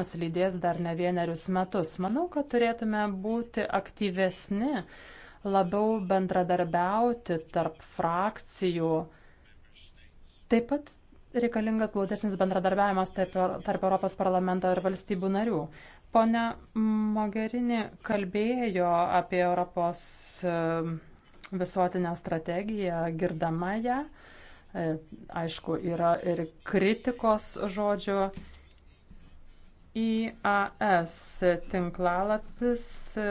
mus lydės dar ne vienerius metus. Manau, kad turėtume būti aktyvesni, labiau bendradarbiauti tarp frakcijų. Taip pat reikalingas glaudesnis bendradarbiavimas tarp, tarp Europos parlamento ir valstybių narių. Pone Mogherini kalbėjo apie Europos e, visuotinę strategiją, girdama ją. E, aišku, yra ir kritikos žodžių. IAS tinklalapis e,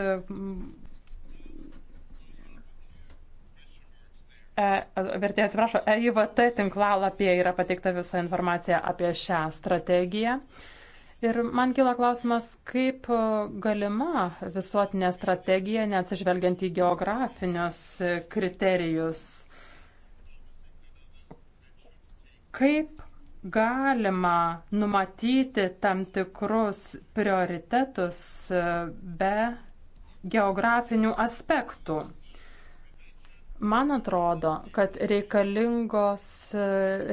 vertė atsiprašo, EIVT tinklalapyje yra pateikta visa informacija apie šią strategiją. Ir man kila klausimas, kaip galima visuotinė strategija, neatsižvelgiant į geografinius kriterijus, kaip galima numatyti tam tikrus prioritetus e, be geografinių aspektų. Man atrodo, kad reikalingos e,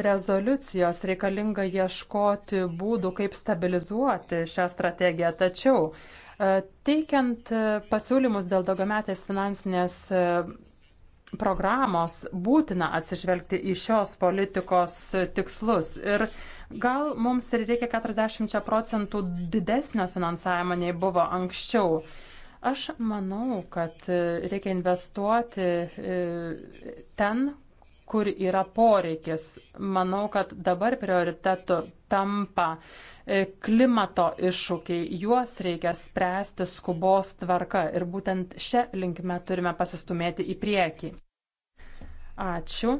rezoliucijos, reikalinga ieškoti būdų, kaip stabilizuoti šią strategiją. Tačiau e, teikiant pasiūlymus dėl daugiametės finansinės programos būtina atsižvelgti į šios politikos tikslus. Ir gal mums ir reikia 40 procentų didesnio finansavimo nei buvo anksčiau. Aš manau, kad e, reikia investuoti e, ten, kur yra poreikis. Manau, kad dabar prioritetu tampa uh, E, klimato iššūkiai, juos reikia spręsti skubos tvarka ir būtent šią linkme turime pasistumėti į priekį. Ačiū.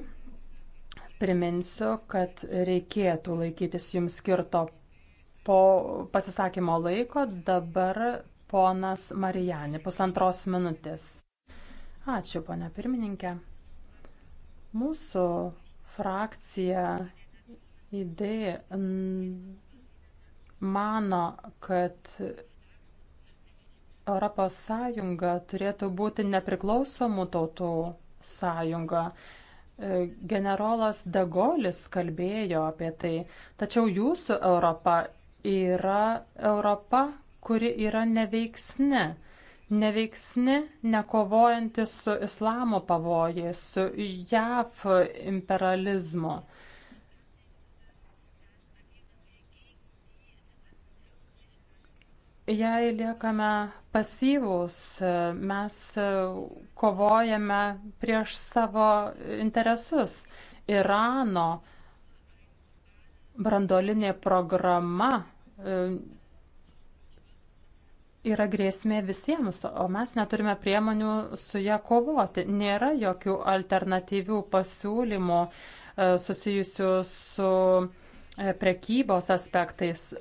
Priminsiu, kad reikėtų laikytis jums skirto po pasisakymo laiko. Dabar ponas Marijani, pusantros minutės. Ačiū, ponia pirmininkė. Mūsų frakcija idėja mano, kad Europos Sąjunga turėtų būti nepriklausomų tautų sąjunga. E, generolas Dagolis kalbėjo apie tai, tačiau jūsų Europa yra Europa, kuri yra neveiksni neveiksni, nekovojanti su islamo pavojais, su JAV imperializmu. jei liekame pasyvūs, mes kovojame prieš savo interesus. Irano brandolinė programa e, yra grėsmė visiems, o mes neturime priemonių su ją kovoti. Nėra jokių alternatyvių pasiūlymų e, susijusių su uh, prekybos aspektais e,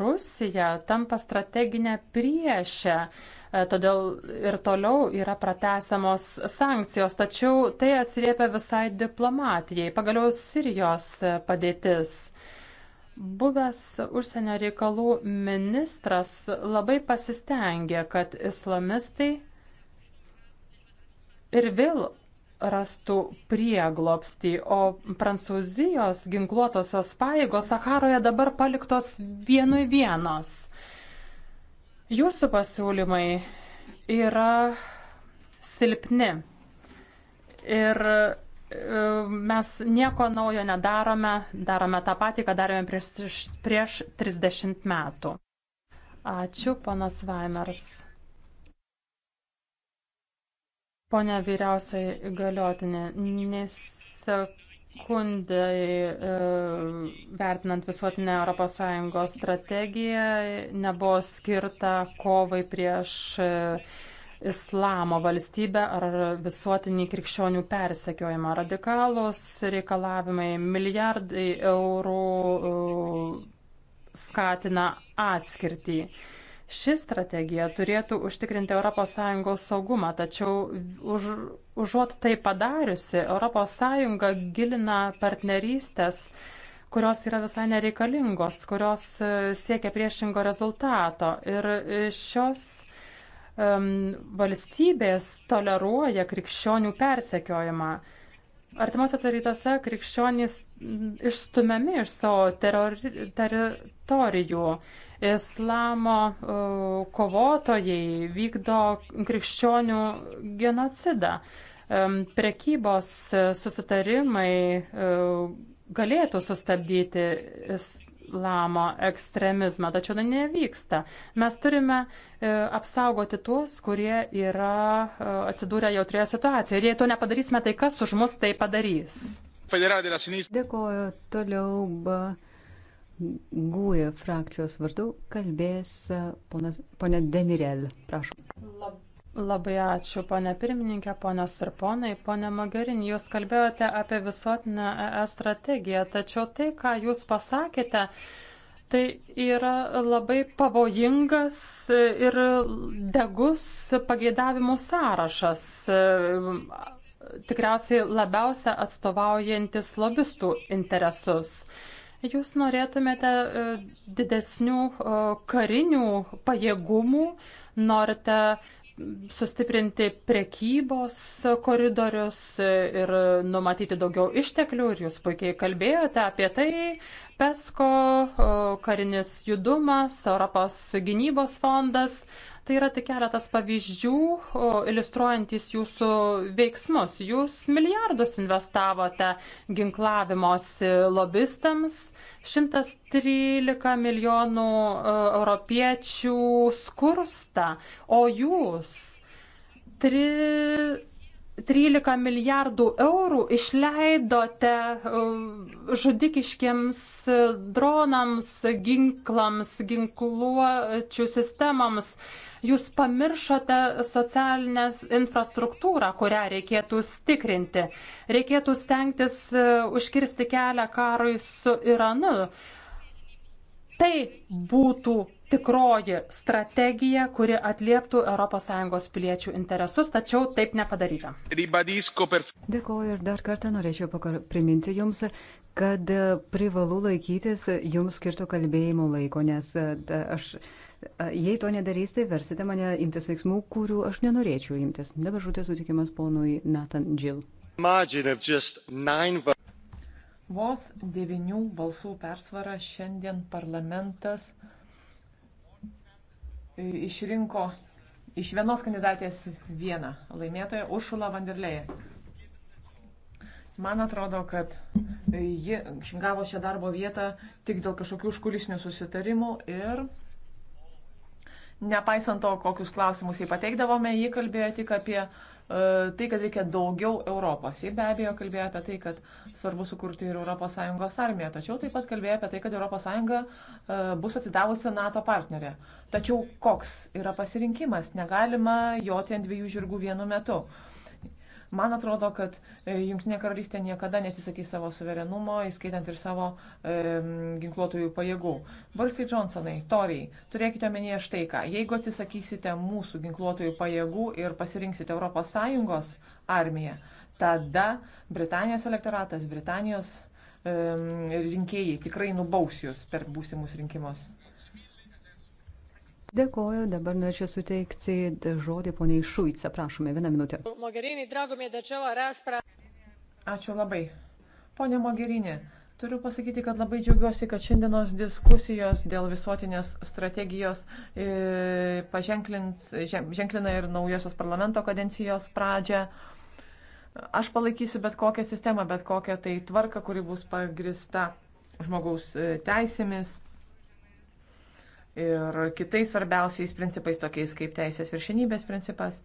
Rusija tampa strateginė priešė, e, todėl ir toliau yra pratesiamos sankcijos, tačiau tai atsiliepia visai diplomatijai, pagaliau Sirijos padėtis. Buvęs užsienio reikalų ministras labai pasistengė, kad islamistai ir vėl rastų prieglopstį, o Prancūzijos ginkluotosios pajėgos Saharoje dabar paliktos vienui vienos. Jūsų pasiūlymai yra silpni ir e, mes nieko naujo nedarome, darome tą patį, ką darėme prieš, prieš 30 metų. Ačiū, ponas Vaimers. Pone vyriausiai įgaliotinė, nesekundai e, vertinant visuotinę ES strategiją nebuvo skirta kovai prieš e, islamo valstybę ar visuotinį krikščionių persekiojimą. Radikalus reikalavimai milijardai eurų e, skatina atskirtį. Ši strategija turėtų užtikrinti ES saugumą, tačiau už, užuot tai padariusi, ES gilina partnerystės, kurios yra visai nereikalingos, kurios e, siekia priešingo rezultato. Ir e, šios um, valstybės toleruoja krikščionių persekiojimą. Artimuosiuose rytuose krikščionys išstumiami iš savo terori, teritorijų Islamo e, kovotojai vykdo krikščionių genocidą. E, prekybos susitarimai e, galėtų sustabdyti islamo ekstremizmą, tačiau tai nevyksta. Mes turime apsaugoti tuos, kurie yra atsidūrę jautrioje situacijoje. Ir jei to nepadarysime, tai kas už mus tai padarys? Dėkoju. Toliau ba, Gūja e frakcijos vardu kalbės e, ponas, ponė Demirel. Prašom. Lab, labai ačiū, ponė pirmininkė, ponas ir ponai. Pone Magarin, jūs kalbėjote apie visuotinę ES strategiją, tačiau tai, ką jūs pasakėte, tai yra labai pavojingas ir degus pageidavimų sąrašas tikriausiai labiausia atstovaujantis lobistų interesus. Jūs norėtumėte e, didesnių e, karinių pajėgumų, norite sustiprinti prekybos koridorius ir numatyti daugiau išteklių. Ir jūs puikiai kalbėjote apie tai, PESCO, e, karinis judumas, Europos gynybos fondas. Tai yra tik keletas pavyzdžių, iliustruojantis jūsų veiksmus. Jūs milijardus investavote ginklavimosi lobistams, 113 milijonų europiečių skursta, o jūs 3. 13 milijardų eurų išleidote žudikiškiams dronams, ginklams, ginkluočių sistemams jūs pamiršote socialinės infrastruktūrą, kurią reikėtų stiprinti. Reikėtų stengtis e, užkirsti kelią karui su Iranu. Tai būtų tikroji strategija, kuri atlieptų ES piliečių interesus, tačiau taip nepadaryta. Dėkuoju ir dar kartą norėčiau priminti Jums, kad privalu laikytis Jums skirto kalbėjimo laiko, nes e, aš E, jei to nedarys, tai versite mane imtis veiksmų, kurių aš nenorėčiau imtis. Dabar žūtė sutikimas ponui Nathan Jill. Vos devinių balsų persvara šiandien parlamentas e, išrinko iš vienos kandidatės vieną laimėtoją - Uršulą Vanderlėją. Man atrodo, kad e, ji gavo šią darbo vietą tik dėl kažkokių užkulisinių susitarimų ir Nepaisant to, kokius klausimus jį pateikdavome, jį kalbėjo tik apie uh, tai, kad reikia daugiau Europos. Jis be abejo kalbėjo apie tai, kad svarbu sukurti ir ES armiją, tačiau taip pat kalbėjo apie tai, kad ES uh, e, bus atsidavusi NATO partnerė. Tačiau koks yra pasirinkimas? Negalima joti ant dviejų žirgų vienu metu. Uh, Man atrodo, kad e, Junktinė karalystė niekada nesisakys savo suverenumo, įskaitant ir savo e, ginkluotųjų pajėgų. Borisai Johnsonai, Toriai, turėkite menyje štai ką. Jeigu atsisakysite mūsų ginkluotųjų pajėgų ir pasirinksite ES armiją, tada Britanijos elektoratas, Britanijos e, rinkėjai tikrai nubaus jūs per būsimus rinkimus. Dėkoju, dabar norėčiau suteikti žodį poniai Šuica, prašome, vieną minutę. Ačiū labai. Pone Mogerinė, Turiu pasakyti, kad labai džiaugiuosi, kad šiandienos diskusijos dėl visuotinės strategijos e, ženklina ir naujosios parlamento kadencijos pradžią. Aš palaikysiu bet kokią sistemą, bet kokią tai tvarką, kuri bus pagrista žmogaus e, teisėmis, ir kitais svarbiausiais principais, tokiais kaip teisės viršinybės principas.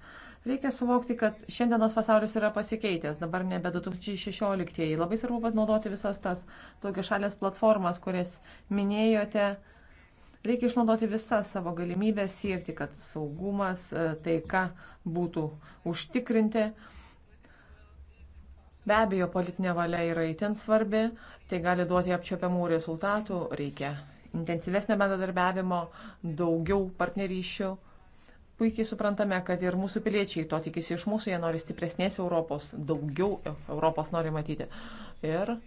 Reikia suvokti, kad šiandienos pasaulis yra pasikeitęs, dabar nebe 2016-ieji. Labai svarbu panaudoti visas tas daugia šalės platformas, kurias minėjote. Reikia išnaudoti visas savo galimybės siekti, kad saugumas, e, taika būtų užtikrinti. Be abejo, politinė valia yra itin svarbi, tai gali duoti apčiopiamų rezultatų, reikia intensyvesnio bendradarbiavimo, daugiau partnerysčių. Puikiai suprantame, kad ir mūsų piliečiai to tikisi iš mūsų, jie nori stipresnės Europos, daugiau Europos nori matyti. Ir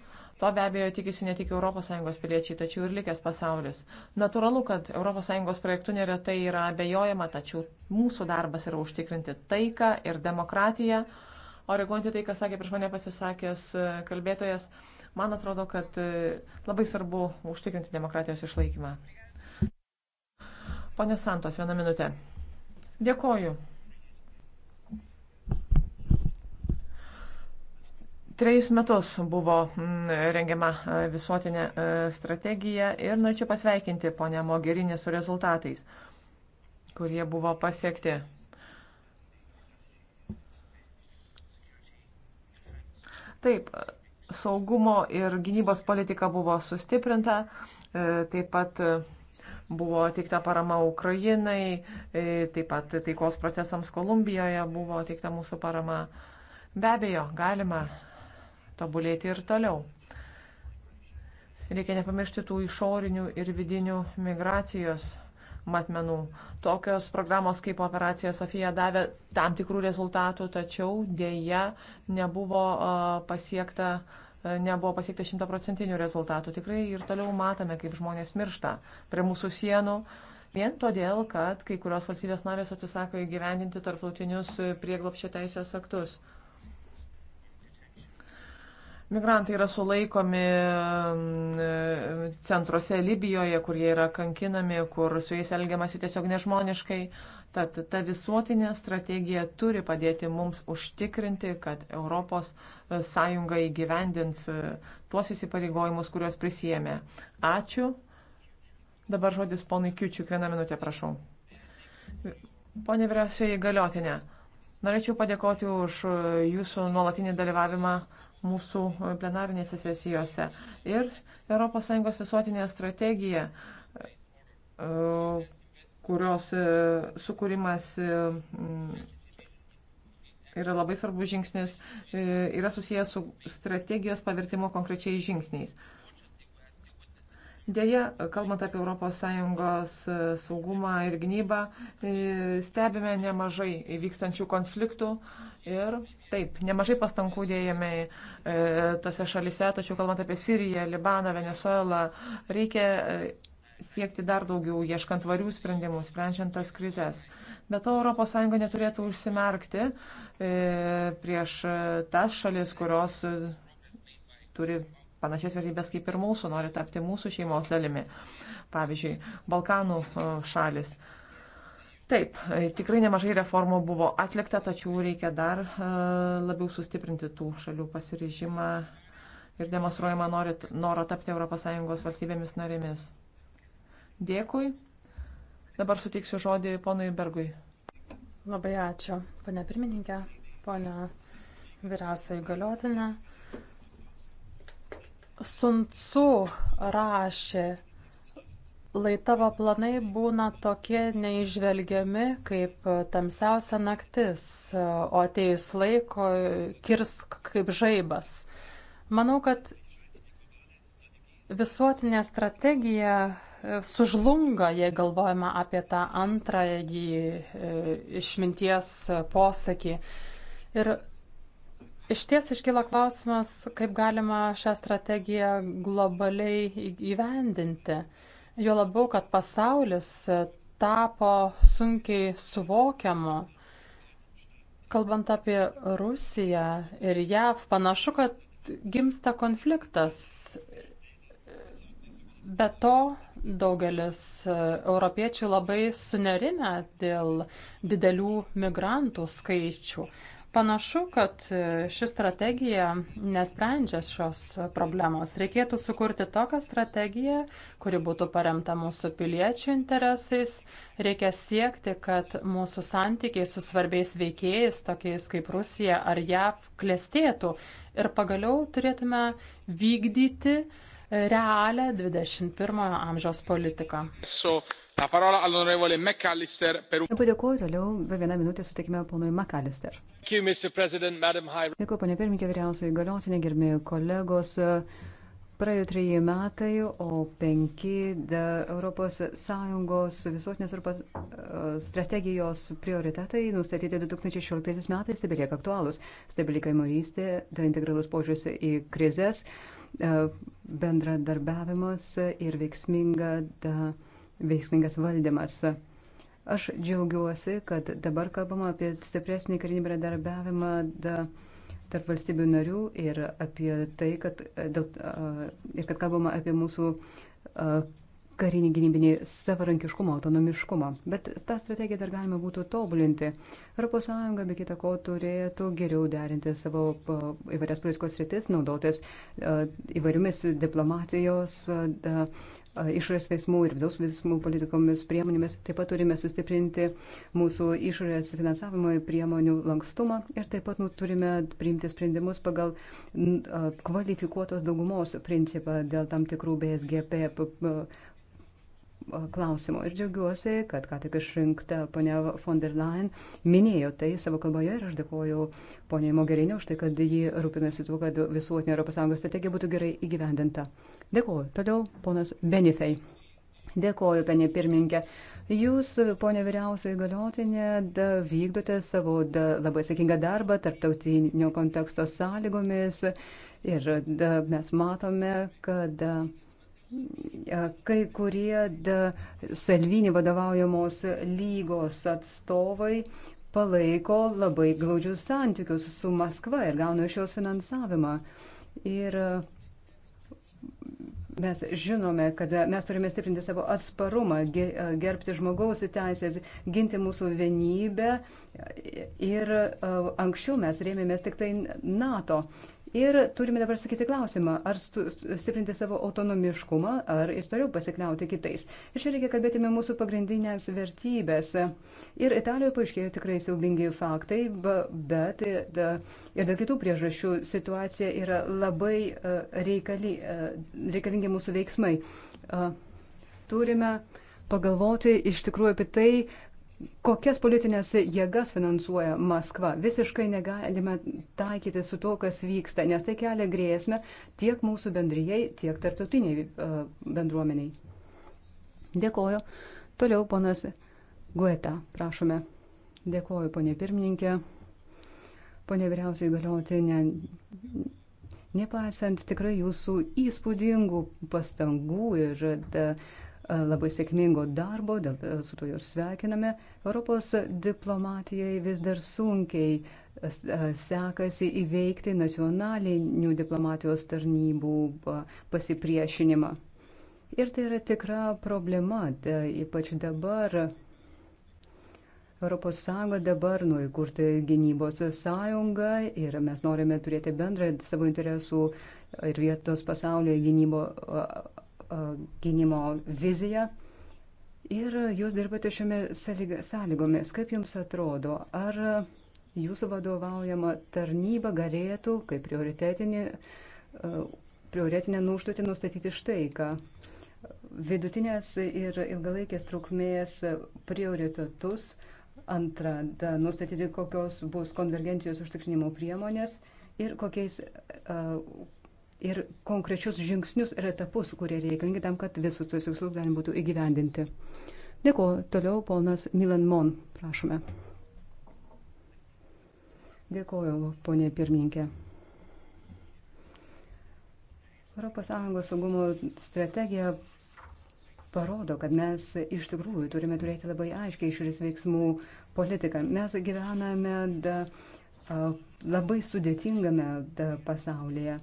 To be abejo tikisi ne tik ES piliečiai, tačiau ir likęs pasaulis. Naturalu, kad ES projektų neretai yra abejojama, tačiau mūsų darbas yra užtikrinti taiką ir demokratiją. O reaguojant į tai, ką sakė prieš mane pasisakęs kalbėtojas, uh, Man atrodo, kad e, labai svarbu užtikrinti demokratijos išlaikymą. Pone Santos, vieną minutę. Dėkoju. Trejus metus buvo mm, rengiama e, visuotinė e, strategija ir norėčiau pasveikinti ponę Mogerinį su rezultatais, kurie buvo pasiekti. Taip, saugumo ir gynybos politika buvo sustiprinta, e, taip pat e, buvo teikta parama Ukrainai, e, taip pat taikos procesams Kolumbijoje buvo teikta mūsų parama. Be abejo, galima tobulėti ir toliau. Reikia nepamiršti tų išorinių ir vidinių migracijos matmenų. Tokios programos kaip operacija Sofija davė tam tikrų rezultatų, tačiau dėja nebuvo pasiekta uh, nebuvo pasiekta šimtaprocentinių rezultatų. Tikrai ir toliau matome, kaip žmonės miršta prie mūsų sienų. Vien todėl, kad kai kurios valstybės narės atsisako įgyvendinti tarptautinius prieglopščio teisės aktus. Migrantai yra sulaikomi mm, e, centruose Libijoje, kur jie yra kankinami, kur su jais elgiamasi tiesiog nežmoniškai. Tad ta visuotinė strategija turi padėti mums užtikrinti, kad ES e, įgyvendins e, tuos įsipareigojimus, kuriuos prisijėmė. Ačiū. Dabar žodis ponui Kiučiuk, vieną minutę prašau. Pone vyriausioji galiotinė, norėčiau padėkoti už jūsų nuolatinį dalyvavimą mūsų e, plenarinėse sesijose. Ir ES visuotinė strategija, e, kurios e, sukūrimas yra labai svarbus žingsnis, yra susijęs su strategijos pavertimo konkrečiai žingsniais. Deja, kalbant apie ES saugumą ir gynybą, stebime nemažai vykstančių konfliktų ir Taip, nemažai pastangų dėjame e, tose šalise, tačiau kalbant apie Siriją, Libaną, Venezuelą, reikia e, siekti dar daugiau, ieškant varių sprendimų, sprendžiant tas krizės. Be to, ES neturėtų užsimerkti e, prieš e, tas šalis, kurios e, turi panašias vertybės kaip ir mūsų, nori tapti mūsų šeimos dalimi. Pavyzdžiui, Balkanų e, šalis. E, Taip, e, tikrai nemažai reformų buvo atlikta, tačiau reikia dar e, labiau sustiprinti tų šalių pasiryžimą ir demonstruojama norą tapti ES valstybėmis narėmis. Dėkui. Dabar suteiksiu žodį ponui Bergui. Labai ačiū, pane pirmininkė, pane vyriausiai galiotinė. Suncu rašė lai tavo planai būna tokie neižvelgiami kaip tamsiausia naktis, o atėjus laiko kirsk kaip žaibas. Manau, kad visuotinė strategija e, sužlunga, jei galvojama apie tą antrąjį e, išminties posakį. Ir iš ties iškyla klausimas, kaip galima šią strategiją globaliai įgyvendinti. Jo labiau, kad pasaulis e, tapo sunkiai suvokiamu. Kalbant apie Rusiją ir JAV, panašu, kad gimsta konfliktas. Be to, daugelis e, europiečių labai sunerime dėl didelių migrantų skaičių. Panašu, kad e, ši strategija nesprendžia šios problemos. Reikėtų sukurti tokią strategiją, kuri būtų paremta mūsų piliečių interesais. Reikia siekti, kad mūsų santykiai su svarbiais veikėjais, tokiais kaip Rusija ar JAV, klestėtų. Ir pagaliau turėtume vykdyti e, realią 21 amžiaus politiką. So, Labai dėkuoju, toliau vieną minutę sutikime ponui McAllister. Dėkuoju, ponė pirmininkė, vyriausioji galiosinė, gerbėjai kolegos. Praėjo treji metai, o penki ES visuotinės Europos e, strategijos prioritetai nustatyti 2016 metais tebelieka tai aktualūs. Stabili kaimarystė, tai integralus požiūris į krizės, e, bendradarbiavimas ir veiksminga. Da, veiksmingas valdymas. Aš džiaugiuosi, kad dabar kalbama apie stipresnį karinį bendradarbiavimą tarp valstybių narių ir apie tai, kad, dėl, ir kad kalbama apie mūsų karinį gynybinį savarankiškumą, autonomiškumą. Bet tą strategiją dar galima būtų tobulinti. ES be kita ko turėtų geriau derinti savo įvairias politikos rytis, naudotis e, įvairiomis diplomatijos, e, e, išorės veiksmų ir vidaus veiksmų politikomis priemonėmis. Taip pat turime sustiprinti mūsų išorės finansavimo priemonių lankstumą ir taip pat nu, turime priimti sprendimus pagal kvalifikuotos daugumos principą dėl tam tikrų BSGP klausimų. Ir džiaugiuosi, kad ką tik išrinkta ponia von der Leyen minėjo tai savo kalboje ir aš dėkoju poniai Mogherini už tai, kad ji rūpinasi tuo, kad visuotinė ES strategija būtų gerai įgyvendinta. Dėkoju. Toliau ponas Benifei. Dėkoju, penė pirmininkė. Jūs, ponė vyriausioji galiotinė, da, vykdote savo da, labai sėkingą darbą tarptautinio konteksto sąlygomis ir da, mes matome, kad da, kai kurie Salvini vadovaujamos lygos atstovai palaiko labai glaudžius santykius su Maskva ir gauna iš jos finansavimą. Ir mes žinome, kad mes turime stiprinti savo atsparumą, gerbti žmogaus teisės, ginti mūsų vienybę. Ir anksčiau mes rėmėmės tik tai NATO. Ir turime dabar sakyti klausimą, ar stu, stiprinti savo autonomiškumą, ar ir toliau pasikliauti kitais. Ir čia reikia kalbėti apie mūsų pagrindinės vertybės. Ir Italijoje paaiškėjo tikrai siaubingi faktai, bet e, ir dėl kitų priežasčių situacija yra labai e, reikali, e, reikalingi mūsų veiksmai. Turime pagalvoti iš tikrųjų apie tai, kokias politinės jėgas finansuoja Maskva. Visiškai negalime taikyti su to, kas vyksta, nes tai kelia grėsmę tiek mūsų bendrijai, tiek tarptautiniai e, bendruomeniai. Dėkoju. Toliau ponas Gueta, prašome. Dėkoju, ponė pirmininkė, ponė vyriausiai galiotinė. Nepaisant tikrai jūsų įspūdingų pastangų ir da, e, uh, E, labai sėkmingo darbo, dėl, e, su to jūs sveikiname. Europos diplomatijai vis dar sunkiai e, sekasi įveikti nacionalinių diplomatijos tarnybų pasipriešinimą. Ir tai yra tikra problema, tai ypač dabar. Europos Sąjunga dabar nori kurti gynybos sąjungą ir mes norime turėti bendrą savo interesų ir vietos pasaulyje gynybo E, gynimo viziją. Ir jūs dirbate šiomis sąlygomis. Kaip jums atrodo, ar jūsų vadovaujama tarnyba galėtų kaip prioritetinį, e, prioritetinę nuštutį nustatyti štai ką? Vidutinės ir ilgalaikės trukmės prioritetus, antra, da, nustatyti kokios bus konvergencijos užtikrinimo priemonės ir kokiais, e, ir konkrečius žingsnius ir etapus, kurie reikalingi tam, kad visus tuos tikslus galim būtų įgyvendinti. Dėkuoju. Toliau ponas Milan Mon, prašome. Dėkuoju, ponė pirmininkė. ES saugumo strategija parodo, kad mes iš tikrųjų turime turėti labai aiškiai išorės veiksmų politiką. Mes gyvename da, labai sudėtingame da, pasaulyje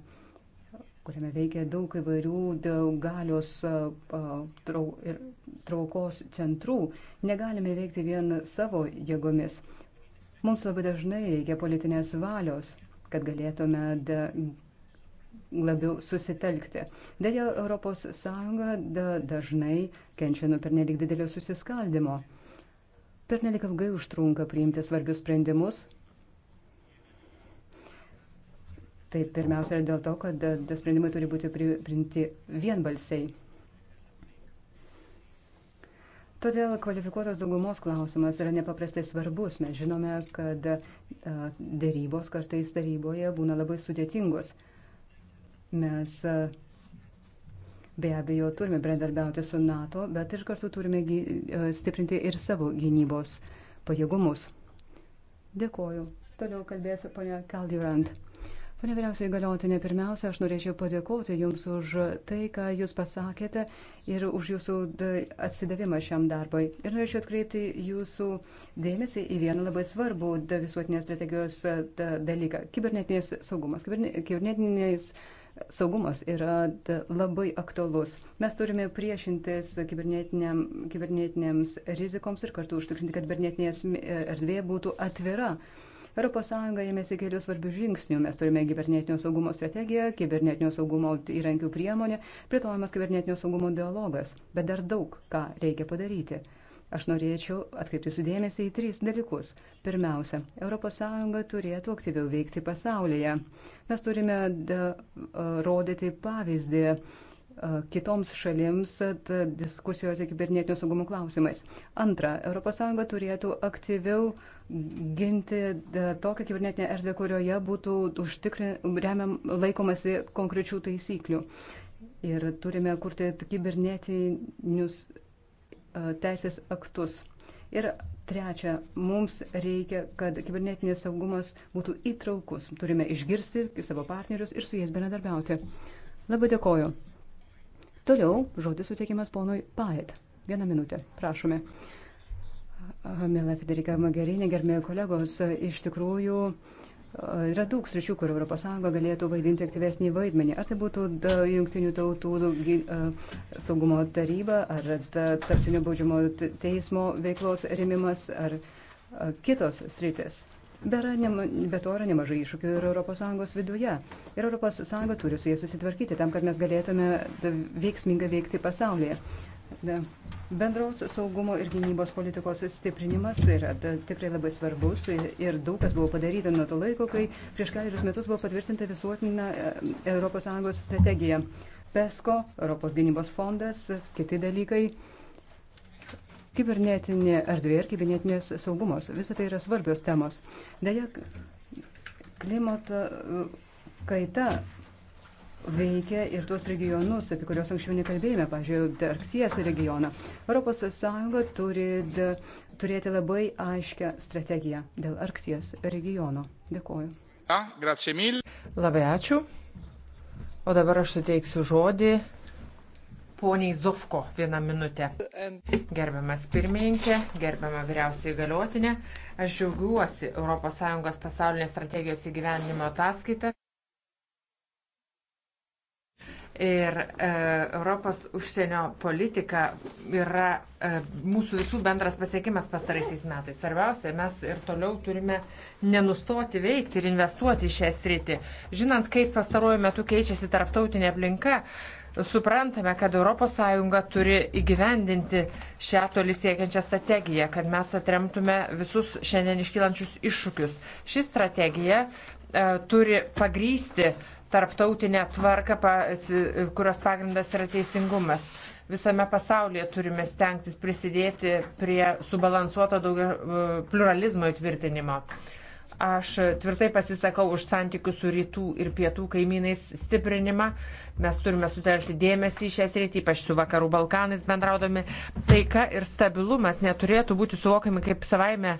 kuriame veikia daug įvairių daug galios trau, ir traukos centrų, negalime veikti vien savo jėgomis. Mums labai dažnai reikia politinės valios, kad galėtume de, labiau susitelkti. Deja, ES da, dažnai kenčia nuo pernelik didelio susiskaldimo. Pernelik ilgai užtrunka priimti svarbius sprendimus, Tai pirmiausia yra dėl to, kad sprendimai turi būti priimti vienbalsiai. Todėl kvalifikuotos daugumos klausimas yra nepaprastai svarbus. Mes žinome, kad dėrybos kartais taryboje būna labai sudėtingos. Mes be abejo turime bendarbiauti su NATO, bet ir kartu turime stiprinti ir savo gynybos pajėgumus. Dėkoju. Toliau kalbės ponia Kaldjurant. Pane vyriausiai galiotinė, pirmiausia, aš norėčiau padėkoti Jums už tai, ką Jūs pasakėte ir už Jūsų atsidavimą šiam darbui. Ir norėčiau atkreipti Jūsų dėmesį į vieną labai svarbų visuotinės strategijos dalyką - kibernetinės saugumas. Kibernetinės saugumas yra labai aktualus. Mes turime priešintis kibernetiniam, kibernetinėms rizikoms ir kartu užtikrinti, kad kibernetinės erdvė būtų atvira. Uh, ES ėmėsi kelių svarbių žingsnių. Mes turime kibernetinio saugumo strategiją, kibernetinio saugumo įrankių priemonę, plėtojamas kibernetinio saugumo dialogas. Bet dar daug ką reikia padaryti. Aš norėčiau atkreipti sudėmėsi į tris dalykus. Pirmiausia, ES turėtų aktyviau veikti pasaulyje. Mes turime da, rodyti pavyzdį kitoms šalims diskusijose kibernetinio saugumo klausimais. Antra, ES turėtų aktyviau ginti tokią kibernetinę erdvę, kurioje būtų užtikrin, remiam laikomasi konkrečių taisyklių. Ir turime kurti kibernetinius teisės aktus. Ir trečia, mums reikia, kad kibernetinės saugumas būtų įtraukus. Turime išgirsti savo partnerius ir su jais bendradarbiauti. Labai dėkoju. Toliau žodis suteikiamas ponui Paet. Vieną minutę, prašome. Ah, Mėla Federika Magerinė, gerbėjai kolegos, iš tikrųjų ah, yra daug sričių, kur ES galėtų vaidinti aktyvesnį vaidmenį. Ar tai būtų Junktinių tautų ah, saugumo taryba, ar tarptinio baudžiamo teismo veiklos rėmimas, ar kitos sritis. Be to yra nemažai iššūkių ir ES viduje. Ir ES turi su jie susitvarkyti tam, kad mes galėtume veiksmingai veikti pasaulyje. Bendraus saugumo ir gynybos politikos stiprinimas yra tikrai labai svarbus ir daug kas buvo padaryta nuo to laiko, kai prieš keliarius metus buvo patvirtinta visuotinė ES strategija. PESCO, Europos gynybos fondas, kiti dalykai. Kibernetinė erdvė ir kibernetinės saugumos. Visą tai yra svarbios temos. Deja, klimato e, kaita veikia ir tuos regionus, apie kuriuos anksčiau nekalbėjome, pažiūrėjau, Arksijas regioną. ES turi d, turėti labai aiškę strategiją dėl Arksijas regiono. Dėkuoju. Labai ačiū. O dabar aš suteiksiu žodį poniai Zovko vieną minutę. Gerbiamas pirmininkė, gerbiama vyriausiai galiotinė, aš džiaugiuosi ES pasaulinės strategijos įgyvendinimo ataskaitą. Ir e, Europos užsienio politika yra e, mūsų visų bendras pasiekimas pastaraisiais metais. Svarbiausia, mes ir toliau turime nenustoti veikti ir investuoti į šią sritį. Žinant, kaip pastaruoju metu keičiasi tarptautinė aplinka, e, suprantame, kad ES turi įgyvendinti šią toli siekiančią strategiją, kad mes atremtume visus šiandien iškylančius iššūkius. Ši strategija e, turi pagrysti tarptautinę tvarką, kurios pagrindas yra teisingumas. Visame pasaulyje turime stengtis prisidėti prie subalansuoto daugia, e, pluralizmo įtvirtinimo. E, Aš tvirtai pasisakau už santykių su rytų ir pietų kaimynais stiprinimą. Mes turime sutelkti dėmesį į šią sritį, ypač su vakarų Balkanais bendraudami. Taika ir stabilumas neturėtų būti suvokiami kaip savaime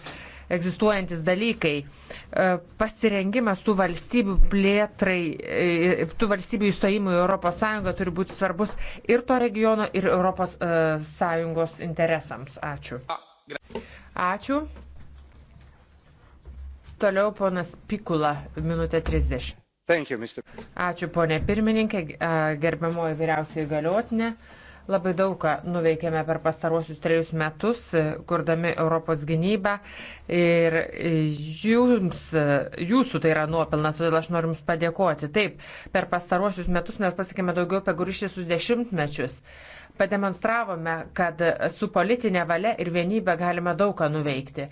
egzistuojantis dalykai. E, pasirengimas tų valstybių plėtrai, e, tų valstybių įstojimų į ES turi būti svarbus ir to regiono, ir ES e, interesams. Ačiū. Ačiū. Toliau ponas Pikula, minutė 30. Thank you, Mr. Ačiū ponė pirmininkė, gerbiamoji vyriausiai galiotinė. Labai daug ką nuveikėme per pastaruosius trejus metus, kurdami Europos gynybą. Ir jums, jūsų tai yra nuopelnas, todėl aš noriu Jums padėkoti. Taip, per pastaruosius metus mes pasiekėme daugiau apie grįžtį su dešimtmečius. Uh, pademonstravome, kad su politinė valia ir vienybė galime daug ką nuveikti.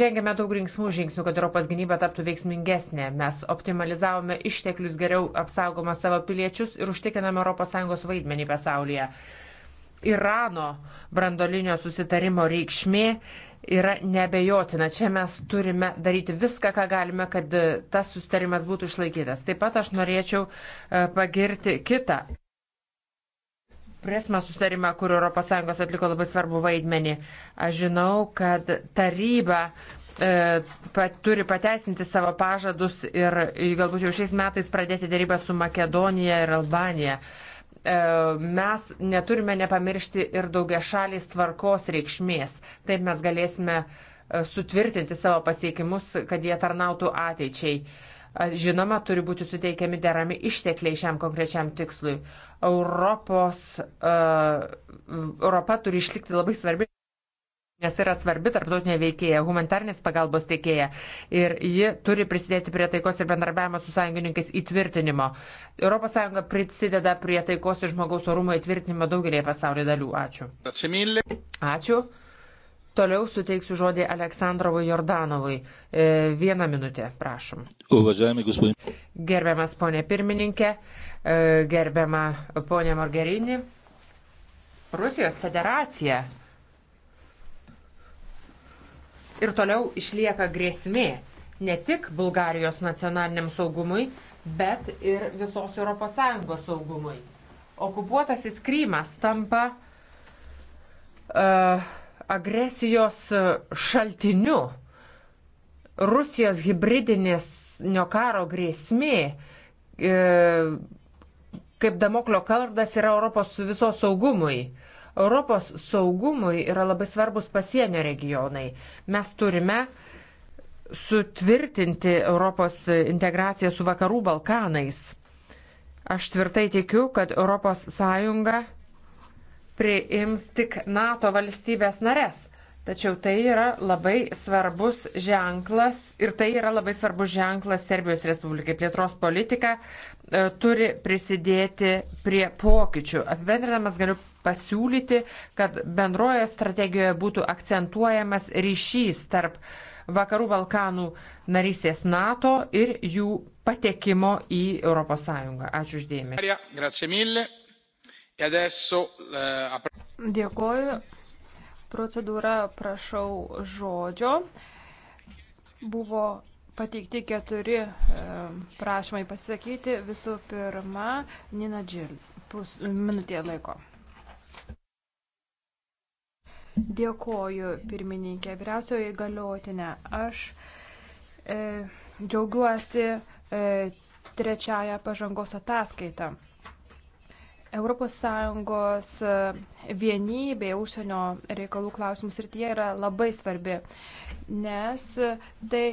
Žengėme daug rinksmų žingsnių, kad Europos gynyba taptų veiksmingesnė. Mes optimalizavome išteklius, geriau apsaugome savo piliečius ir užtikriname ES vaidmenį pasaulyje. Irano brandolinio susitarimo reikšmė yra nebejotina. Čia mes turime daryti viską, ką galime, kad tas sustarimas būtų išlaikytas. Taip pat aš norėčiau e, pagirti kitą Presma susitarimą, kur ES atliko labai svarbu vaidmenį. Aš žinau, kad taryba e, pat, turi pateisinti savo pažadus ir galbūt jau šiais metais pradėti dėrybą su Makedonija ir Albanija. E, mes neturime nepamiršti ir daugia šalės tvarkos reikšmės. Taip mes galėsime e, sutvirtinti savo pasiekimus, kad jie tarnautų ateičiai. E, Žinoma, turi būti suteikiami derami ištekliai šiam konkrečiam tikslui. Europos, uh, Europa turi išlikti labai svarbi nes yra svarbi tarptautinė veikėja, humanitarnės pagalbos teikėja ir ji turi prisidėti prie taikos ir bendarbiavimo su sąjungininkais įtvirtinimo. ES prisideda prie taikos ir žmogaus orumo įtvirtinimo daugelėje pasaulio dalių. Ačiū. Ačiū. Toliau suteiksiu žodį Aleksandrovui Jordanovui. E, vieną minutę, prašom. Gerbiamas ponė pirmininkė, e, gerbiama ponė Morgerini, Rusijos federacija ir toliau išlieka grėsmė ne tik Bulgarijos nacionaliniam saugumui, bet ir visos ES saugumui. Okupuotasis Krymas tampa uh, agresijos šaltiniu. Rusijos hybridinės karo grėsmė e, kaip damoklio kardas yra Europos visos saugumui. Europos saugumui yra labai svarbus pasienio regionai. Mes turime sutvirtinti Europos integraciją su vakarų Balkanais. Aš tvirtai tikiu, kad ES priims tik NATO valstybės narės. Tačiau tai yra labai svarbus ženklas ir tai yra labai svarbus ženklas Serbijos Respublikai. Plėtros politika e, turi prisidėti prie pokyčių. Apibendrinamas galiu pasiūlyti, kad bendroje strategijoje būtų akcentuojamas ryšys tarp Vakarų Balkanų narysės NATO ir jų patekimo į ES. Ačiū uždėmesi. E eh, Dėkoju. Procedūra prašau žodžio. Buvo pateikti keturi e, prašymai pasisakyti. Visų pirma, Nina Džil. Pus minutė laiko. Dėkoju, pirmininkė, vyriausioji galiotinė. Aš e, džiaugiuosi e, trečiaja pažangos ataskaita. ES e, vienybė užsienio reikalų klausimų srityje yra labai svarbi, nes tai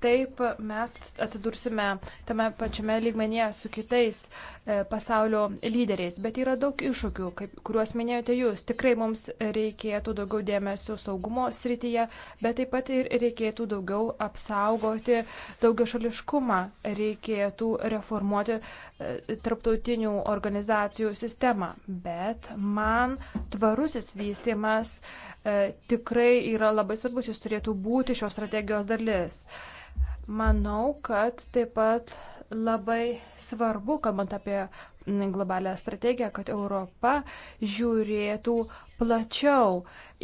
Taip mes atsidursime tame pačiame lygmenyje su kitais e, pasaulio lyderiais. Bet yra daug iššūkių, kaip, kuriuos minėjote jūs. Tikrai mums reikėtų daugiau dėmesio saugumo srityje, bet taip pat ir reikėtų daugiau apsaugoti daugia šališkumą. Reikėtų reformuoti e, tarptautinių organizacijų sistemą. Bet man tvarusis vystimas e, tikrai yra labai svarbus. Jis turėtų būti šios strategijos dalis. Manau, kad taip pat labai svarbu, kalbant apie globalę strategiją, kad Europa žiūrėtų plačiau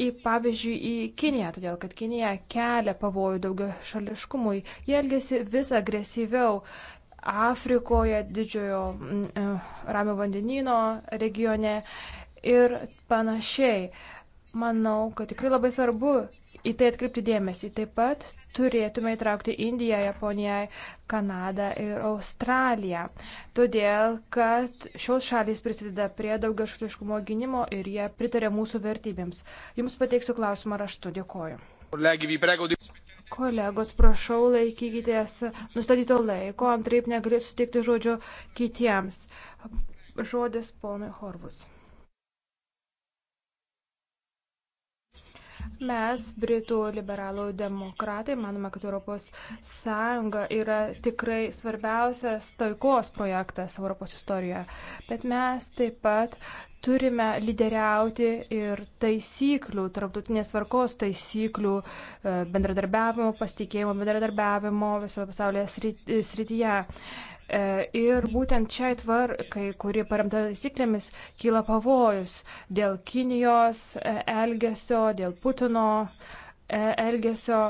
į, pavyzdžiui, į Kiniją, todėl kad Kinija kelia pavojų daugia šališkumui, jie elgesi vis agresyviau. Afrikoje, didžiojo e, ramio vandenino regione ir panašiai. Manau, kad tikrai labai svarbu į tai atkreipti dėmesį. Taip pat turėtume įtraukti Indiją, Japoniją, Kanadą ir Australiją, todėl kad šios šalys prisideda prie daugiašališkumo gynimo ir jie pritarė mūsų vertybėms. Jums pateiksiu klausimą raštu. Dėkoju. Kolegos, prašau, laikykitės nustatyto laiko, antraip negaliu sutikti žodžio kitiems. Žodis ponui Horvus. Mes, Britų liberalų demokratai, manome, kad Europos Sąjunga yra tikrai svarbiausias taikos projektas Europos istorijoje. Bet mes taip pat turime lyderiauti ir taisyklių, tarptautinės tvarkos taisyklių, e, bendradarbiavimo, pasitikėjimo, bendradarbiavimo viso pasaulyje srityje. E, ir būtent šiai tvarkai, kuri paremta taisyklėmis, kyla pavojus dėl Kinijos e, elgesio, dėl Putino e, elgesio.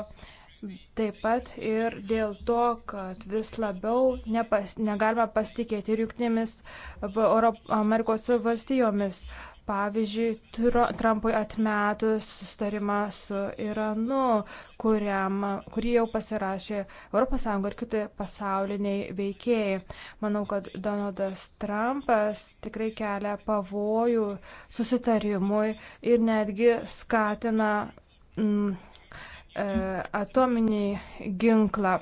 Taip pat ir dėl to, kad vis labiau nepas, negalima pasitikėti ir jungtinėmis Amerikos valstijomis. Pavyzdžiui, Trumpui atmetus sustarimą su Iranu, kuriam, kurį jau pasirašė ES ir kiti pasauliniai veikėjai. Manau, kad Donaldas Trumpas tikrai kelia pavojų susitarimui ir netgi skatina mm, e, atominį ginklą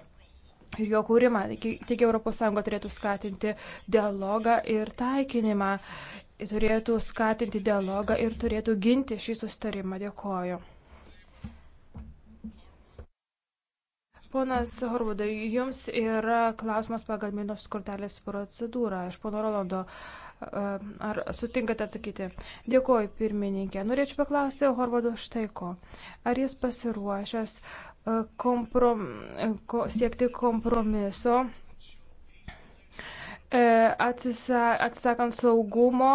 ir jo kūrimą. Taigi ES turėtų skatinti dialogą ir taikinimą turėtų skatinti dialogą ir turėtų ginti šį sustarimą. Dėkoju. Ponas Horvudai, jums yra klausimas pagal minos kortelės procedūrą iš pono Rolando. Ar sutinkate atsakyti? Dėkoju, pirmininkė. Norėčiau paklausti Horvado štai ko. Ar jis pasiruošęs komprom, ko, siekti kompromiso E, atsisakant saugumo,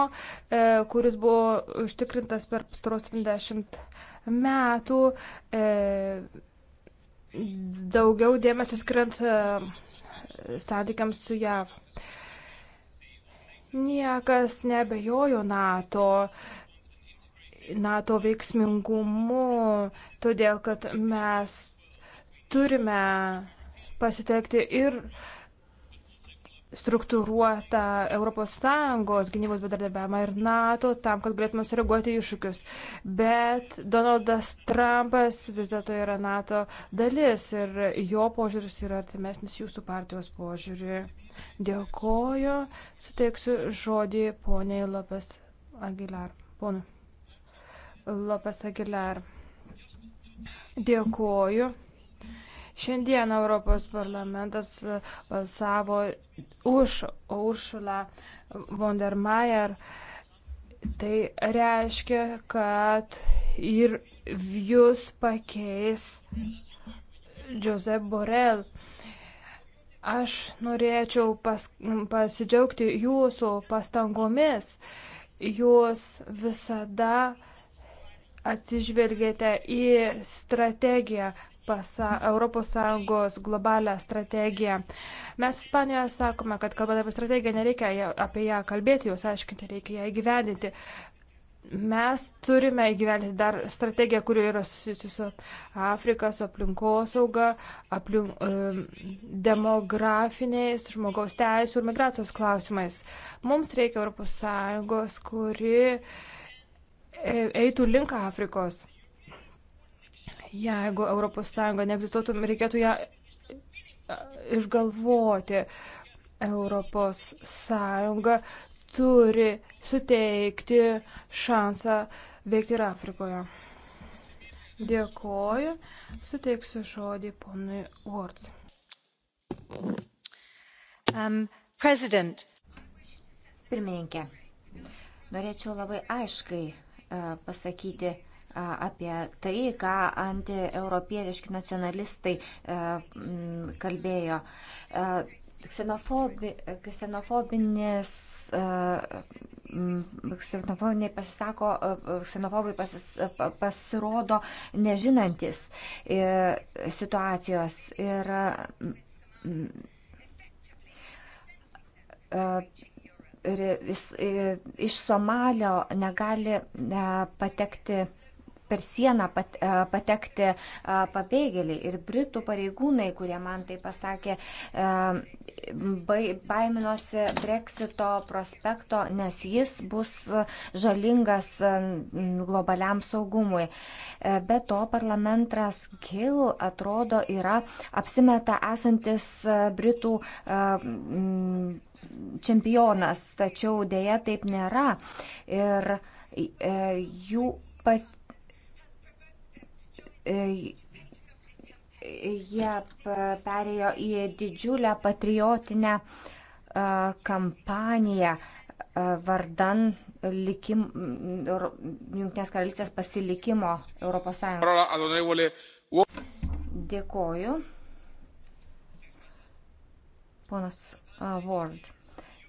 e, kuris buvo užtikrintas per pastaros 20 metų, e, daugiau dėmesio skiriant santykiams su JAV. Niekas nebejojo NATO, NATO veiksmingumu, todėl kad mes turime pasitelkti ir uh, struktūruotą ES gynybos bedarbiavimą ir NATO tam, kad galėtume sureaguoti iššūkius. Bet Donaldas Trumpas vis dėlto yra NATO dalis ir jo požiūris yra artimesnis jūsų partijos požiūriui. Dėkoju, suteiksiu žodį poniai Lopes Aguilar. Ponu. Lopes Aguilar. Dėkoju. Šiandien Europos parlamentas e, balsavo už Uršulą von der Mayer. Tai reiškia, kad ir jūs pakeis Josep Borel. Aš norėčiau pas, pasidžiaugti jūsų pastangomis. Jūs visada atsižvelgėte į strategiją, ES globalią strategiją. Mes Ispanijoje sakome, kad kalbant apie strategiją, nereikia apie ją kalbėti, jos aiškinti, reikia ją įgyvendinti. Mes turime įgyvendinti dar strategiją, kuri yra susijusi su Afrika, su aplinkosauga, aplink, demografiniais, žmogaus teisų ir migracijos klausimais. Mums reikia ES, kuri e, eitų link Afrikos. Jeigu ES neegzistuotų, reikėtų ją išgalvoti. ES turi suteikti šansą veikti ir Afrikoje. Dėkoju. Suteiksiu žodį ponui Words. Um, president. Pirmininkė, norėčiau labai aiškai uh, pasakyti, uh, apie tai, ką antieuropietiški nacionalistai e, kalbėjo. E, ksenofobi, ksenofobinis, e, ksenofobiniai pasisako, ksenofobai pasis, pasirodo nežinantis situacijos ir ir jis iš Somalio negali patekti per sieną pat, e, patekti e, pabėgėliai. Ir Britų pareigūnai, kurie man tai pasakė, e, baiminosi Brexito prospekto, nes jis bus žalingas globaliam saugumui. Be to, parlamentas Gil atrodo yra apsimeta esantis Britų čempionas, tačiau dėja taip nėra. Ir jų pat jie perėjo į didžiulę patriotinę kampaniją vardan likim, Junktinės karalystės pasilikimo Europos Sąjungoje. Dėkoju. Ponas Ward.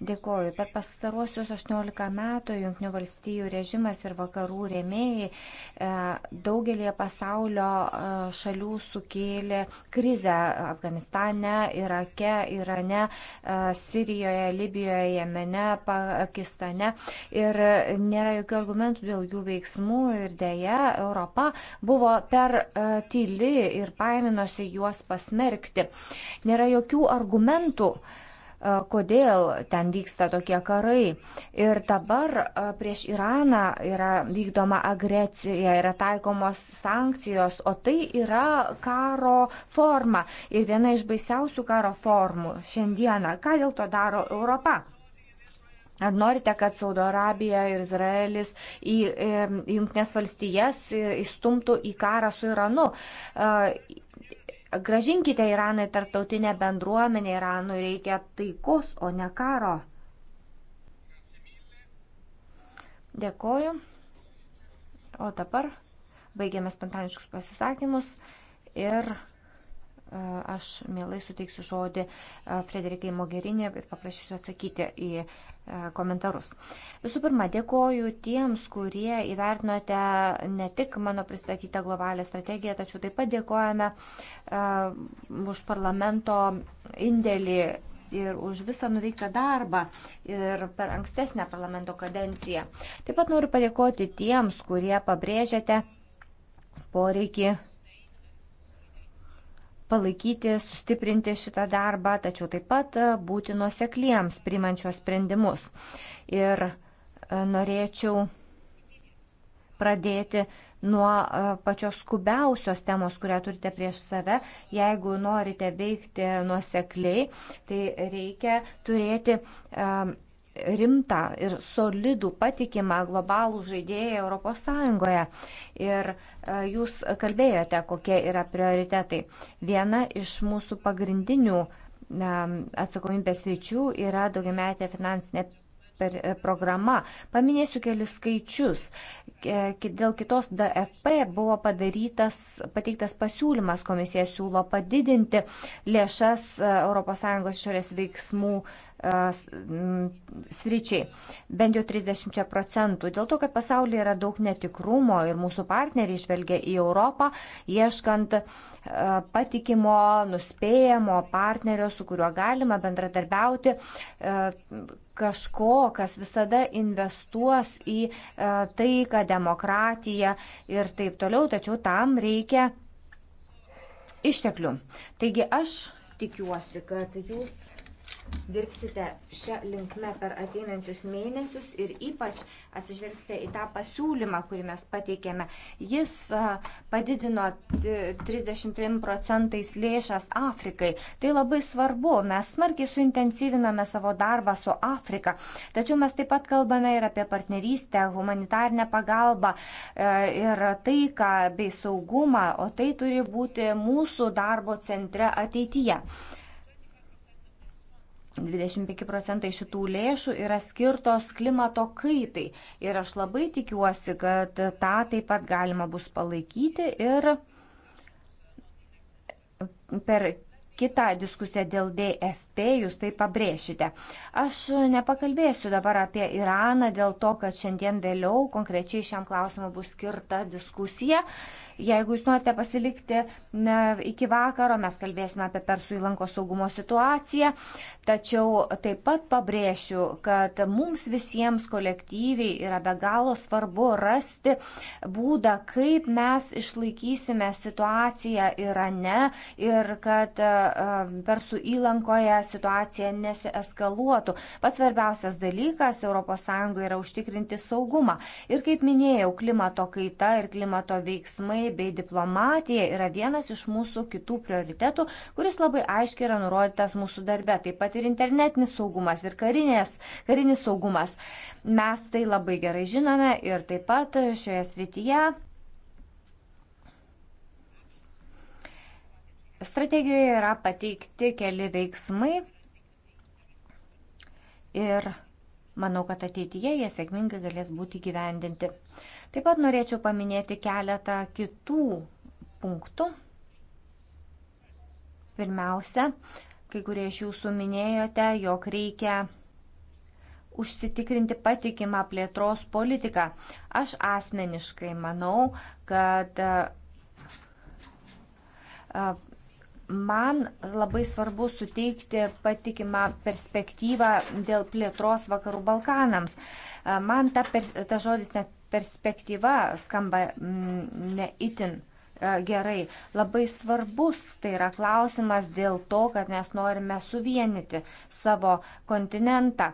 Dėkoju. Per pastaruosius 18 metų Junktinių valstijų režimas ir vakarų rėmėjai e, daugelį pasaulio e, šalių sukėlė krizę Afganistane, Irake, Irane, e, Sirijoje, Libijoje, Jemene, Pakistane. Ir nėra jokių argumentų dėl jų veiksmų ir dėja Europa buvo per tyli ir paiminosi juos pasmerkti. Nėra jokių argumentų. Uh, E, kodėl ten vyksta tokie karai. Ir dabar e, prieš Iraną yra vykdoma agresija, yra taikomos sankcijos, o tai yra karo forma. Ir viena iš baisiausių karo formų šiandieną. Ką dėl to daro Europa? Ar norite, kad Saudo Arabija ir Izraelis į e, Junktinės valstijas įstumtų į karą su Iranu? Gražinkite Iranai tarptautinę bendruomenę, Iranui reikia taikos, o ne karo. Dėkoju. O dabar baigiame spontaniškus pasisakymus ir e, aš mielai suteiksiu žodį e, Frederikai Mogerinė ir paprašysiu atsakyti į E, komentarus. Visų pirma, dėkoju tiems, kurie įvertinote ne tik mano pristatytą globalią strategiją, tačiau taip pat dėkojame e, už parlamento indėlį ir už visą nuveiktą darbą ir per ankstesnę parlamento kadenciją. Taip pat noriu padėkoti tiems, kurie pabrėžėte poreikį palaikyti, sustiprinti šitą darbą, tačiau taip pat e, būti nuosekliems primančios sprendimus. Ir e, norėčiau pradėti nuo e, pačios skubiausios temos, kurią turite prieš save. Jeigu norite veikti nuosekliai, tai reikia turėti rimtą ir solidų patikimą globalų žaidėją Europos Sąjungoje. Ir e, jūs kalbėjote, kokie yra prioritetai. Viena iš mūsų pagrindinių e, atsakomybės ryčių yra daugiametė finansinė per e, programa. Paminėsiu kelis skaičius. Dėl kitos DFP buvo pateiktas pasiūlymas, komisija siūlo padidinti lėšas e, ES išorės veiksmų e, sričiai, bent jau 30 procentų. Dėl to, kad pasaulyje yra daug netikrumo ir mūsų partneriai išvelgia į Europą, ieškant patikimo, nuspėjamo partnerio, su kuriuo galima bendradarbiauti, kažko, kas visada investuos į e, taiką, demokratiją ir taip toliau, tačiau tam reikia išteklių. Taigi aš tikiuosi, kad jūs dirbsite šią linkmę per ateinančius mėnesius ir ypač atsižvelgsite į tą pasiūlymą, kurį mes pateikėme. Jis padidino 33 procentais lėšas Afrikai. Tai labai svarbu. Mes smarkiai suintensyviname savo darbą su Afrika. Tačiau mes taip pat kalbame ir apie partnerystę, humanitarnę pagalbą e, ir taiką bei saugumą, o tai turi būti mūsų darbo centre ateityje. Yeah. 25 procentai šitų lėšų yra skirtos klimato kaitai. Ir aš labai tikiuosi, kad tą taip pat galima bus palaikyti ir per kitą diskusiją dėl DFP jūs tai pabrėšite. Aš nepakalbėsiu dabar apie Iraną dėl to, kad šiandien vėliau konkrečiai šiam klausimui bus skirta diskusija. Jeigu jūs norite pasilikti ne, iki vakaro, mes kalbėsime apie Persų įlankos saugumo situaciją, tačiau taip pat pabrėšiu, kad mums visiems kolektyviai yra be galo svarbu rasti būdą, kaip mes išlaikysime situaciją Irane ir kad e, Persų įlankoje situacija nesieskaluotų. Pats svarbiausias dalykas ES yra užtikrinti saugumą. Ir kaip minėjau, klimato kaita ir klimato veiksmai santykiai bei diplomatija yra vienas iš mūsų kitų prioritetų, kuris labai aiškiai yra nurodytas mūsų darbe. Taip pat ir internetinis saugumas ir karinės, karinis saugumas. Mes tai labai gerai žinome ir taip pat šioje srityje. Strategijoje yra pateikti keli veiksmai ir manau, kad ateityje jie sėkmingai galės būti gyvendinti. Taip pat norėčiau paminėti keletą kitų punktų. Pirmiausia, kai kurie iš jūsų minėjote, jog reikia užsitikrinti patikimą plėtros politiką. Aš asmeniškai manau, kad e, man labai svarbu suteikti patikimą perspektyvą dėl plėtros vakarų Balkanams. E, man ta, per, ta žodis net perspektyva skamba mm, neitin e, gerai. Labai svarbus tai yra klausimas dėl to, kad mes norime suvienyti savo kontinentą.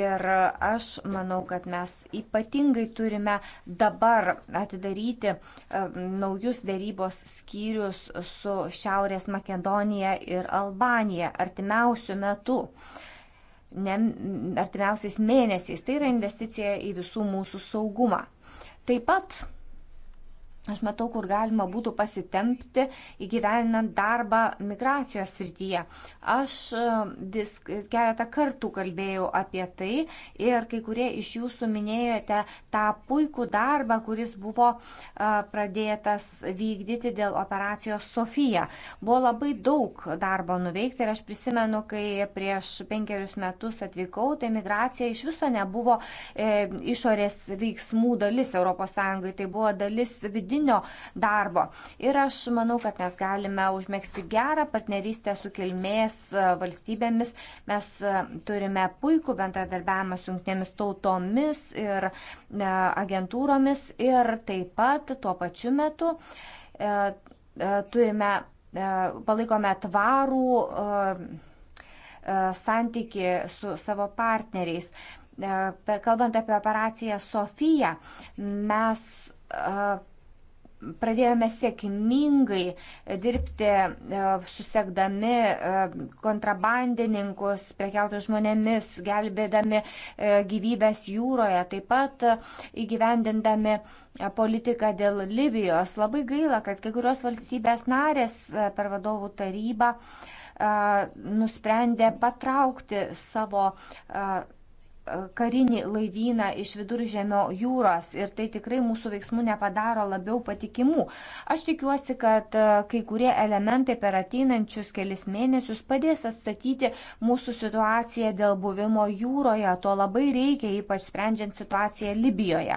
Ir aš manau, kad mes ypatingai turime dabar atidaryti e, naujus dėrybos skyrius su Šiaurės Makedonija ir Albanija artimiausių metų. Ne, artimiausiais mėnesiais. Tai yra investicija į visų mūsų saugumą. Taip pat Aš matau, kur galima būtų pasitempti įgyveninant darbą migracijos srityje. Aš e, disk, keletą kartų kalbėjau apie tai ir kai kurie iš jūsų minėjote tą puikų darbą, kuris buvo e, pradėtas vykdyti dėl operacijos Sofija. Buvo labai daug darbo nuveikti ir aš prisimenu, kai prieš penkerius metus atvykau, tai migracija iš viso nebuvo e, išorės veiksmų dalis ES, tai buvo dalis vidinės vidinio darbo. Ir aš manau, kad mes galime užmėgsti gerą partnerystę su kilmės e, valstybėmis. Mes e, turime puikų bendradarbiavimą su jungtinėmis tautomis ir e, agentūromis ir taip pat tuo pačiu metu turime, palaikome tvarų santyki su savo partneriais. Kalbant apie operaciją Sofiją, mes pradėjome sėkmingai dirbti, e, susekdami e, kontrabandininkus, prekiautus žmonėmis, gelbėdami e, gyvybės jūroje, taip pat įgyvendindami politiką dėl Libijos. Labai gaila, kad kai kurios valstybės narės per vadovų tarybą nusprendė patraukti savo karinį laivyną iš viduržėmio jūros ir tai tikrai mūsų veiksmų nepadaro labiau patikimų. Aš tikiuosi, kad e, kai kurie elementai per ateinančius kelis mėnesius padės atstatyti mūsų situaciją dėl buvimo jūroje. To labai reikia, ypač sprendžiant situaciją Libijoje.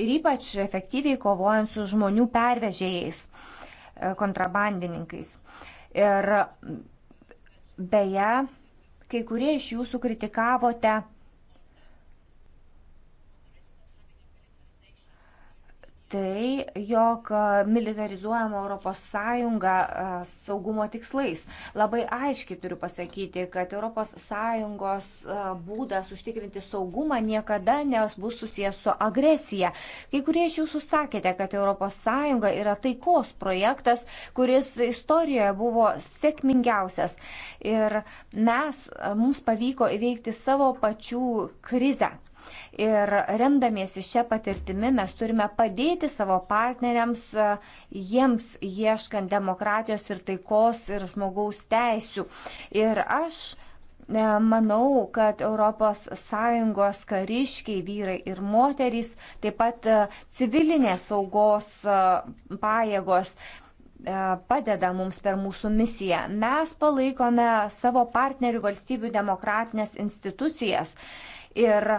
Ir ypač efektyviai kovojant su žmonių pervežėjais, e, kontrabandininkais. Ir beje, kai kurie iš jūsų kritikavote tai, jog militarizuojama ES saugumo tikslais. Labai aiškiai turiu pasakyti, kad ES būdas užtikrinti saugumą niekada nebus susijęs su agresija. Kai kurie iš jūsų sakėte, kad ES yra taikos projektas, kuris istorijoje buvo sėkmingiausias. Ir mes, mums pavyko įveikti savo pačių krizę. Ir remdamiesi šią patirtimį mes turime padėti savo partneriams, e, jiems ieškant demokratijos ir taikos ir žmogaus teisių. Ir aš e, manau, kad ES kariškiai, vyrai ir moterys, taip pat e, civilinės saugos pajėgos padeda mums per mūsų misiją. Mes palaikome savo partnerių valstybių demokratinės institucijas ir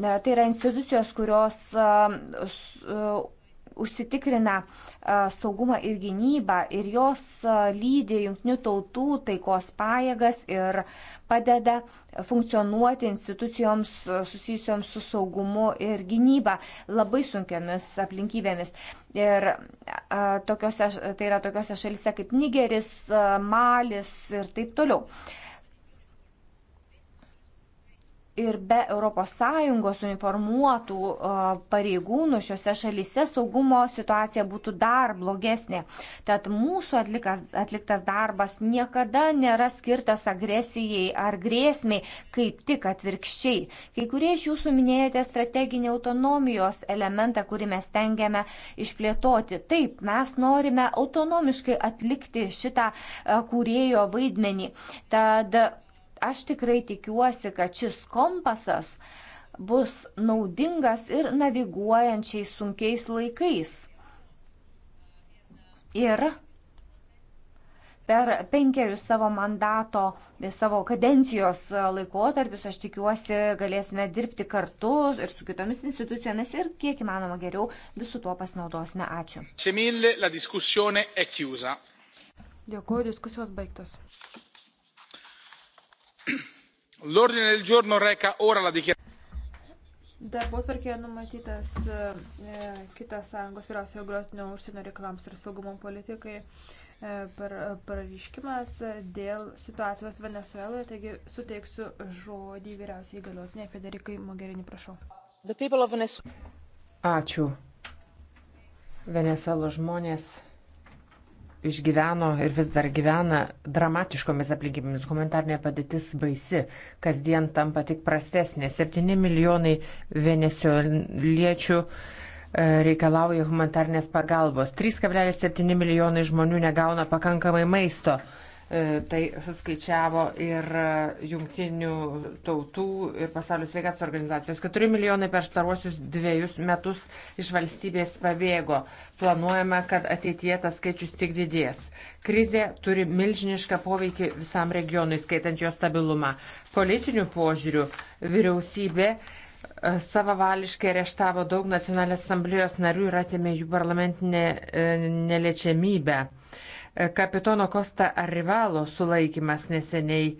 Tai yra institucijos, kurios užsitikrina saugumą ir gynybą ir jos lydi jungtinių tautų taikos pajėgas ir padeda funkcionuoti institucijoms susijusioms su saugumu ir gynyba labai sunkiomis aplinkybėmis. Ir a, tokiose, tai yra tokiose šalise kaip Nigeris, Malis ir taip toliau. A, ir be ES uniformuotų pareigūnų šiuose šalyse saugumo situacija būtų dar blogesnė. Tad mūsų atlikas, atliktas darbas niekada nėra skirtas agresijai ar grėsmiai, kaip tik atvirkščiai. Kai kurie iš jūsų minėjote strateginį autonomijos elementą, kurį mes tengiame išplėtoti. Taip, mes norime autonomiškai atlikti šitą kūrėjo vaidmenį. Tad aš tikrai tikiuosi, kad šis kompasas bus naudingas ir naviguojančiais sunkiais laikais. Ir per penkerius savo mandato, savo kadencijos laikotarpius, aš tikiuosi, galėsime dirbti kartu ir su kitomis institucijomis ir kiek įmanoma geriau visų tuo pasinaudosime. Ačiū. Dėkuoju, diskusijos baigtos l'ordine del giorno reca ora la dichiarazione. Darbotvarkėje numatytas e, kitas sąjungos vyriausiojo galiotinio užsienio reikalams ir saugumo politikai e, pareiškimas dėl situacijos Venezueloje, taigi suteiksiu žodį vyriausiai galiotinė Federikai Mogherini, prašau. Ačiū. Venezuelos žmonės išgyveno ir vis dar gyvena dramatiškomis aplinkybėmis. Humanitarnė padėtis baisi, kasdien tampa tik prastesnė. 7 milijonai venezueliečių e, reikalauja humanitarnės pagalbos. 3,7 milijonai žmonių negauna pakankamai maisto. E, tai suskaičiavo ir e, jungtinių tautų ir pasaulio sveikatos organizacijos. 4 milijonai per staruosius dviejus metus iš valstybės pabėgo. Planuojama, kad ateityje tas skaičius tik didės. Krizė turi milžinišką poveikį visam regionui, skaitant jo stabilumą. Politinių požiūrių vyriausybė e, savavališkai areštavo daug nacionalinės asamblėjos narių ir atėmė jų parlamentinę neliečiamybę. Ne Kapitono Kosta Arrivalo sulaikimas neseniai,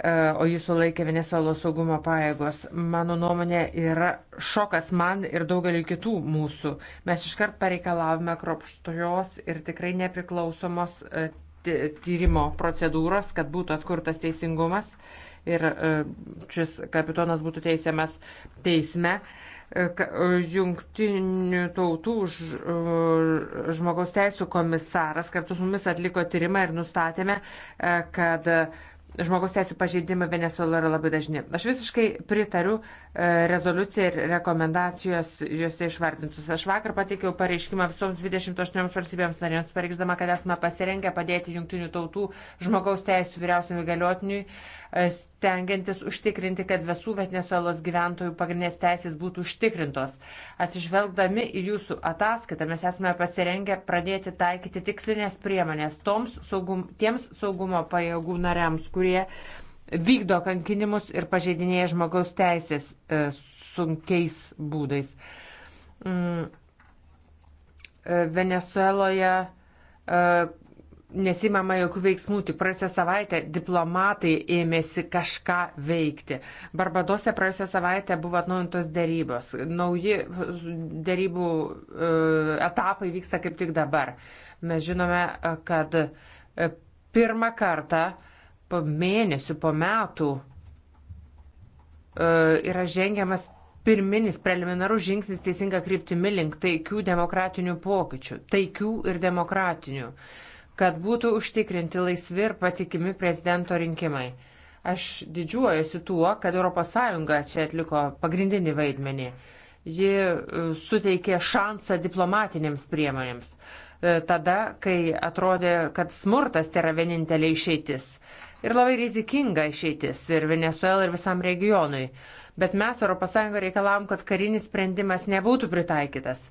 e, o jį sulaikė Venezuelos saugumo pajėgos, mano nuomonė yra šokas man ir daugeliu kitų mūsų. Mes iškart pareikalavome kropštojos ir tikrai nepriklausomos e, tyrimo procedūros, kad būtų atkurtas teisingumas ir e, šis kapitonas būtų teisiamas teisme. E, e, Jungtinių tautų e, žmogaus teisų komisaras kartu su mumis atliko tyrimą ir nustatėme, kad žmogaus teisų pažeidimai Venezuela yra labai dažni. Aš visiškai pritariu rezoliucijai ir rekomendacijos juose išvardintus. Aš vakar pateikiau pareiškimą visoms 28 valstybėms narėms, pareikšdama, kad esame pasirengę padėti Junktinių tautų žmogaus teisų vyriausiam įgaliotiniui stengiantis užtikrinti, kad visų Venezuelos gyventojų pagrindinės teisės būtų užtikrintos. Atsižvelgdami į jūsų ataskaitą, mes esame pasirengę pradėti taikyti tikslinės priemonės toms saugum, tiems saugumo pajėgų nariams, kurie vykdo kankinimus ir pažeidinėja žmogaus teisės e, sunkiais būdais. Mm. E, Venezueloje e, nesimama jokių veiksmų. Tik praėjusią savaitę diplomatai ėmėsi kažką veikti. Barbadose praėjusią savaitę buvo atnaujintos dėrybos. Nauji dėrybų e, etapai vyksta kaip tik dabar. Mes žinome, e, kad e, pirmą kartą po mėnesių, po metų yra žengiamas pirminis preliminarus žingsnis teisinga kryptimi link taikių demokratinių pokyčių. Taikių ir demokratinių. Uh, kad būtų užtikrinti laisvi ir patikimi prezidento rinkimai. Aš didžiuojuosi tuo, kad ES čia atliko pagrindinį vaidmenį. Ji e, suteikė šansą diplomatinėms priemonėms. E, tada, kai atrodė, kad smurtas yra vienintelė išeitis ir labai rizikinga išeitis ir Venezuela, ir visam regionui. Bet mes ES reikalavom, kad karinis sprendimas nebūtų pritaikytas.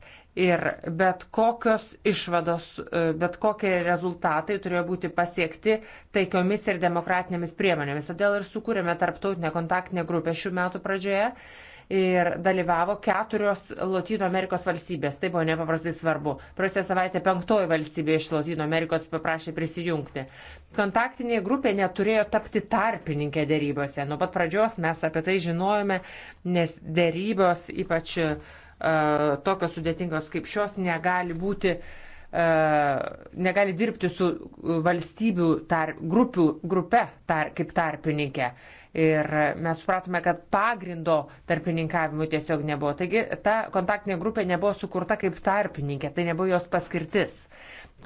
Ir bet kokios išvados, e, bet kokie rezultatai turėjo būti pasiekti taikiomis ir demokratinėmis priemonėmis. Todėl ir sukūrėme tarptautinę kontaktinę grupę šių metų pradžioje ir dalyvavo keturios Latino Amerikos valstybės. Tai buvo nepaprastai svarbu. Praėjusią savaitę penktoji valstybė iš Latino Amerikos paprašė prisijungti. Kontaktinė grupė neturėjo tapti tarpininkė dėrybose. Nuo pat pradžios mes apie tai žinojome, nes dėrybos, ypač uh, tokios sudėtingos kaip šios, negali būti uh, E, negali dirbti su valstybių tar, grupių, grupe tar, kaip tarpininkė. Ir mes supratome, kad pagrindo tarpininkavimui tiesiog nebuvo. Taigi ta kontaktinė grupė nebuvo sukurta kaip tarpininkė, tai nebuvo jos paskirtis.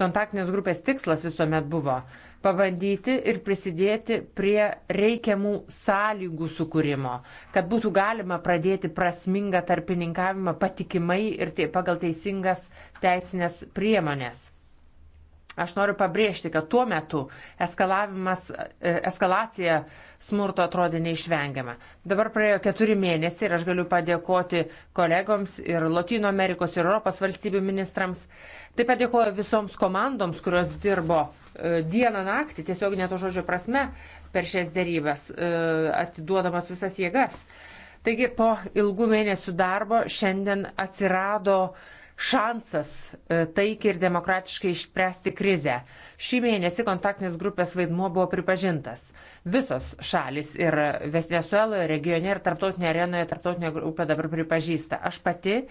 Kontaktinės grupės tikslas visuomet buvo pabandyti ir prisidėti prie reikiamų sąlygų sukūrimo, kad būtų galima pradėti prasmingą tarpininkavimą patikimai ir pagal teisingas teisinės priemonės. Aš noriu pabrėžti, kad tuo metu e, eskalacija smurto atrodė neišvengiama. Dabar praėjo keturi mėnesiai ir aš galiu padėkoti kolegoms ir Latino Amerikos ir Europos valstybių ministrams. Taip pat dėkoju visoms komandoms, kurios dirbo e, dieną naktį, tiesiog neto žodžio prasme, per šias dėrybas, e, atiduodamas visas jėgas. Taigi po ilgų mėnesių darbo šiandien atsirado uh, šansas e, taikiai ir demokratiškai išspręsti krizę. Šį mėnesį kontaktinės grupės vaidmuo buvo pripažintas. Visos šalis ir Venezueloje, regione ir tarptautinėje arenoje tarptautinė grupė dabar pripažįsta. Aš pati e,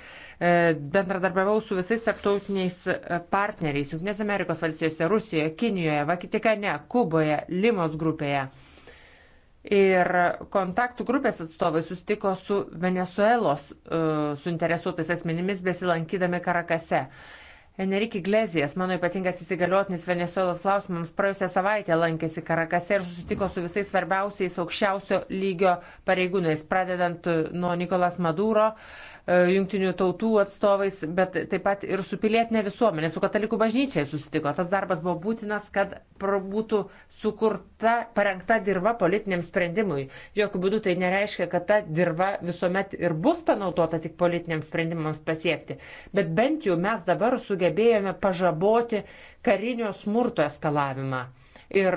bendradarbiavau su visais tarptautiniais e, partneriais Junktinės Amerikos valstijose, Rusijoje, Kinijoje, Vatikane, Kuboje, Limos grupėje ir kontaktų grupės atstovai sustiko su Venezuelos uh, suinteresuotais asmenimis besilankydami Karakase. Enrique Glezijas, mano ypatingas įsigaliotinis Venezuelos klausimams, praėjusią savaitę lankėsi Karakase ir susitiko su visais svarbiausiais aukščiausio lygio pareigūnais, pradedant e, nuo Nikolas Maduro uh, E, jungtinių tautų atstovais, bet taip pat ir su pilietinė visuomenė, su katalikų bažnyčiai susitiko. Tas darbas buvo būtinas, kad būtų sukurta, parengta dirba politiniam sprendimui. Jokių būdų tai nereiškia, kad ta dirba visuomet ir bus panaudota tik politiniams sprendimams pasiekti. Bet bent jau mes dabar sugebėjome pažaboti karinio smurto eskalavimą. Ir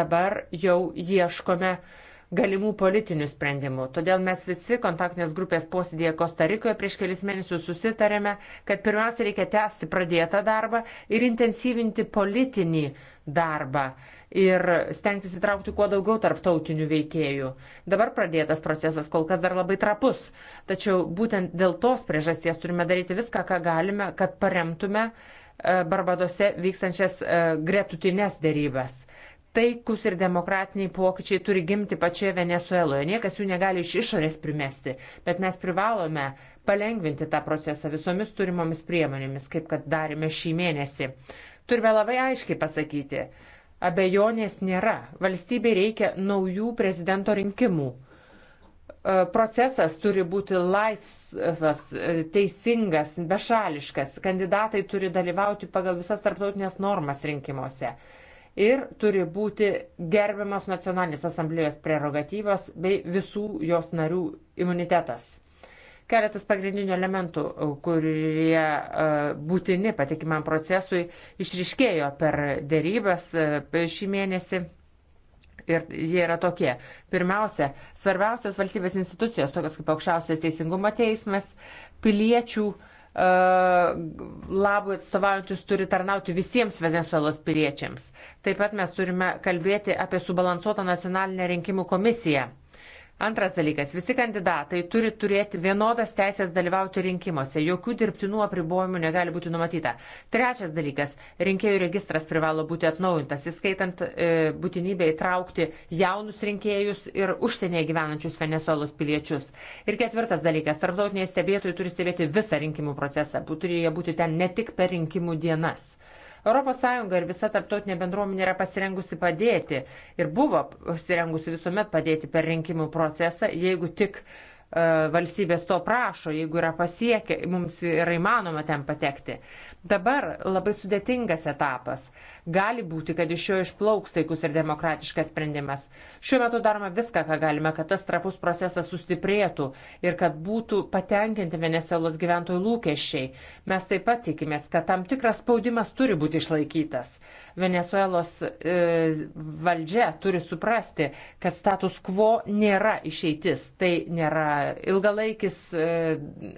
dabar jau ieškome uh, galimų politinių sprendimų. Todėl mes visi kontaktinės grupės posėdėje Kostarikoje prieš kelis mėnesius susitarėme, kad pirmiausia reikia tęsti pradėtą darbą ir intensyvinti politinį darbą ir stengtis įtraukti kuo daugiau tarptautinių veikėjų. Dabar pradėtas procesas kol kas dar labai trapus, tačiau būtent dėl tos priežasties turime daryti viską, ką galime, kad paremtume e, Barbadose vykstančias e, gretutinės dėrybas taikus ir demokratiniai pokyčiai turi gimti pačioje Venezueloje. Niekas jų negali iš išorės primesti, bet mes privalome palengvinti tą procesą visomis turimomis priemonėmis, kaip kad darėme šį mėnesį. Turime labai aiškiai pasakyti, abejonės nėra. Valstybei reikia naujų prezidento rinkimų. E, procesas turi būti laisvas, e, teisingas, bešališkas. Kandidatai turi dalyvauti pagal visas tarptautinės normas rinkimuose ir turi būti gerbiamas nacionalinės asamblėjos prerogatyvos bei visų jos narių imunitetas. Keletas pagrindinių elementų, kurie e, būtini patikimam procesui, išriškėjo per dėrybas e, šį mėnesį. Ir jie yra tokie. Pirmiausia, svarbiausios valstybės institucijos, tokios kaip aukščiausias teisingumo teismas, piliečių uh, labui atstovaujantis turi tarnauti visiems Venezuelos piliečiams. Taip pat mes turime kalbėti apie subalansuotą nacionalinę rinkimų komisiją. Antras dalykas, visi kandidatai turi turėti vienodas teisės dalyvauti rinkimuose, jokių dirbtinų apribojimų negali būti numatyta. Trečias dalykas, rinkėjų registras privalo būti atnaujintas, įskaitant e, būtinybę įtraukti jaunus rinkėjus ir užsienyje gyvenančius Venezuelos piliečius. Ir ketvirtas dalykas, tarptautiniai stebėtojai turi stebėti visą rinkimų procesą, turi jie būti ten ne tik per rinkimų dienas. ES ir visa tarptautinė bendruomenė yra pasirengusi padėti ir buvo pasirengusi visuomet padėti per rinkimų procesą, jeigu tik uh, E, valstybės to prašo, jeigu yra pasiekę, mums yra įmanoma ten patekti. Dabar labai sudėtingas etapas. Gali būti, kad iš jo išplauks taikus ir demokratiškas sprendimas. Šiuo metu darome viską, ką galime, kad tas trapus procesas sustiprėtų ir kad būtų patenkinti Venezuelos gyventojų lūkesčiai. Mes taip pat tikimės, kad tam tikras spaudimas turi būti išlaikytas. Venezuelos e, valdžia turi suprasti, kad status quo nėra išeitis, tai nėra ilgalaikis e,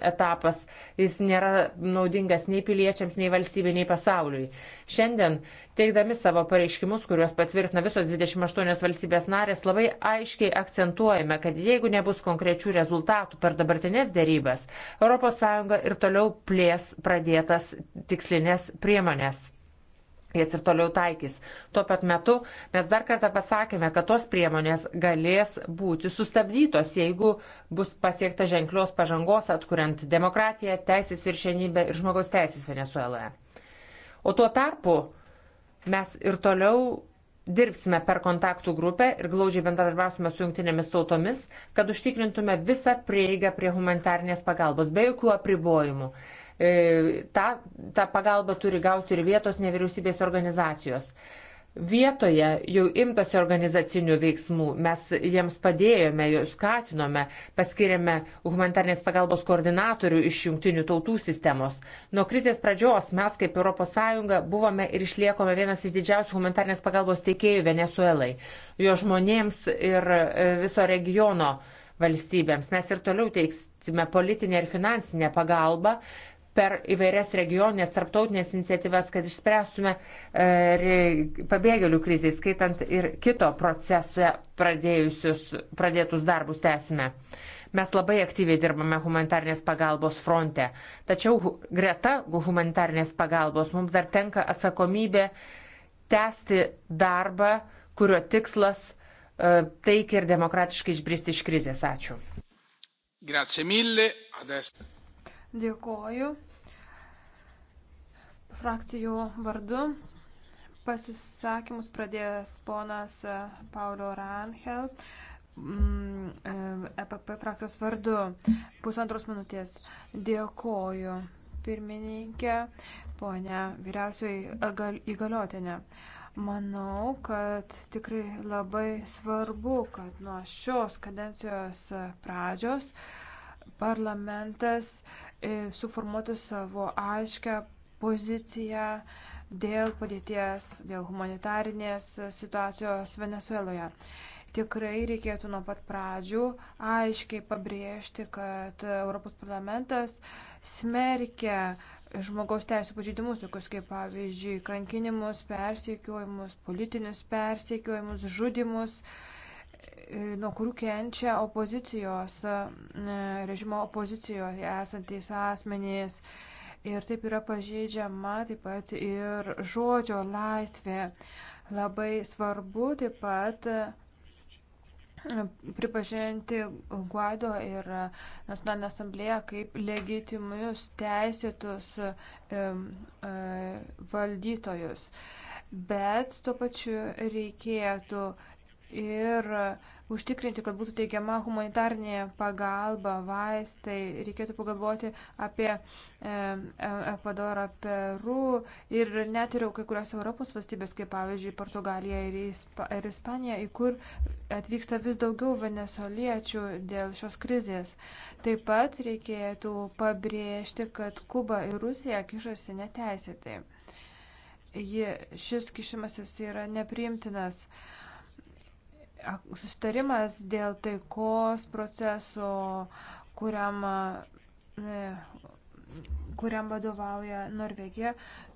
etapas, jis nėra naudingas nei piliečiams, nei valstybei, nei pasauliui. Šiandien, teikdami savo pareiškimus, kuriuos patvirtina visos 28 valstybės narės, labai aiškiai akcentuojame, kad jeigu nebus konkrečių rezultatų per dabartinės dėrybas, ES ir toliau plės pradėtas tikslinės priemonės jas ir toliau taikys. Tuo pat metu mes dar kartą pasakėme, kad tos priemonės galės būti sustabdytos, jeigu bus pasiekta ženklios pažangos atkuriant demokratiją, teisės viršenybę ir žmogaus teisės Venezueloje. O tuo tarpu mes ir toliau dirbsime per kontaktų grupę ir glaudžiai bendradarbiausime su jungtinėmis tautomis, kad užtikrintume visą prieigą prie humanitarnės pagalbos be jokių apribojimų. E, ta, ta pagalba turi gauti ir vietos nevyriausybės organizacijos. Vietoje jau imtasi organizacinių veiksmų, mes jiems padėjome, juos skatinome, paskiriame humanitarnės pagalbos koordinatorių iš jungtinių tautų sistemos. Nuo krizės pradžios mes kaip ES buvome ir išliekome vienas iš didžiausių humanitarnės pagalbos teikėjų Venezuelai, jo žmonėms ir e, viso regiono valstybėms. Mes ir toliau teiksime politinę ir finansinę pagalbą, per įvairias regioninės, tarptautinės iniciatyvas, kad išspręstume e, pabėgėlių krizį, skaitant ir kito procese pradėtus darbus tęsime. Mes labai aktyviai dirbame humanitarnės pagalbos fronte, tačiau greta humanitarnės pagalbos mums dar tenka atsakomybė tęsti darbą, kurio tikslas e, taikiai ir demokratiškai išbristi iš krizės. Ačiū. Grazie mille. Adesso. Dėkoju. Frakcijų vardu pasisakymus pradėjęs ponas e, Paulio Ranhel, mm, EPP e frakcijos vardu. Pusantros minutės. Dėkoju pirmininkė, ponia vyriausioji įgaliotinė. Manau, kad tikrai labai svarbu, kad nuo šios kadencijos pradžios uh, parlamentas e, suformuotų savo aiškę poziciją dėl padėties, dėl humanitarinės situacijos Venezueloje. Tikrai reikėtų nuo pat pradžių aiškiai pabrėžti, kad Europos parlamentas smerkia žmogaus teisų pažeidimus, tokius kaip pavyzdžiui kankinimus, persiekiojimus, politinius persiekiojimus, žudimus. Uh, nuo kurių kenčia opozicijos, e, režimo opozicijoje esantys asmenys. Ir taip yra pažeidžiama taip pat ir žodžio laisvė. Labai svarbu taip pat e, pripažinti Guaido ir Nacionalinę asamblėją kaip legitimius teisėtus e, valdytojus. Bet tuo pačiu reikėtų ir e, užtikrinti, kad būtų teikiama humanitarnė pagalba, vaistai. Reikėtų pagalvoti apie e, e Ekvadorą, Peru ir net ir kai kurios Europos valstybės, kaip pavyzdžiui Portugalija ir, Ispa, ir Ispanija, į kur atvyksta vis daugiau venesoliečių dėl šios krizės. Taip pat reikėtų pabrėžti, kad Kuba ir Rusija kišasi neteisėtai. Ji, šis kišimasis yra nepriimtinas. E, sustarimas dėl taikos proceso, kuriam, e, kuriam vadovauja Norvegija,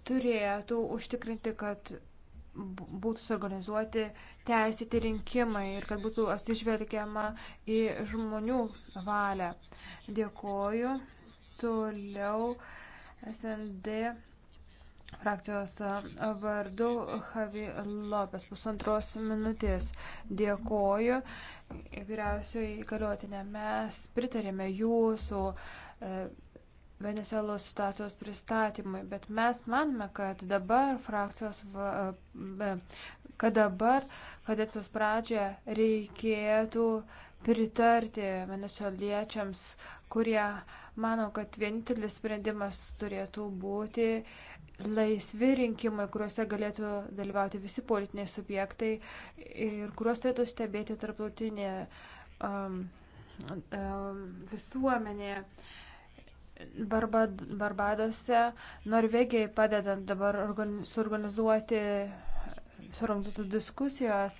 turėtų užtikrinti, kad būtų suorganizuoti teisėti rinkimai ir kad būtų atsižvelgiama į žmonių valią. Dėkoju. Toliau SND frakcijos e, vardu Javi Lopes pusantros minutės. Dėkoju vyriausioji įgaliotinė. Mes pritarėme jūsų e, Venezuelos situacijos pristatymui, bet mes manome, kad dabar frakcijos, e, kad dabar, kad atsos pradžia reikėtų pritarti venezueliečiams, kurie mano, kad vienintelis sprendimas turėtų būti uh, laisvi rinkimai, kuriuose galėtų dalyvauti visi politiniai subjektai ir kuriuos turėtų stebėti tarptautinė um, um, visuomenė. Barbad, Barbadose, Norvegijai padedant dabar organiz, suorganizuoti, suorganizuoti diskusijos,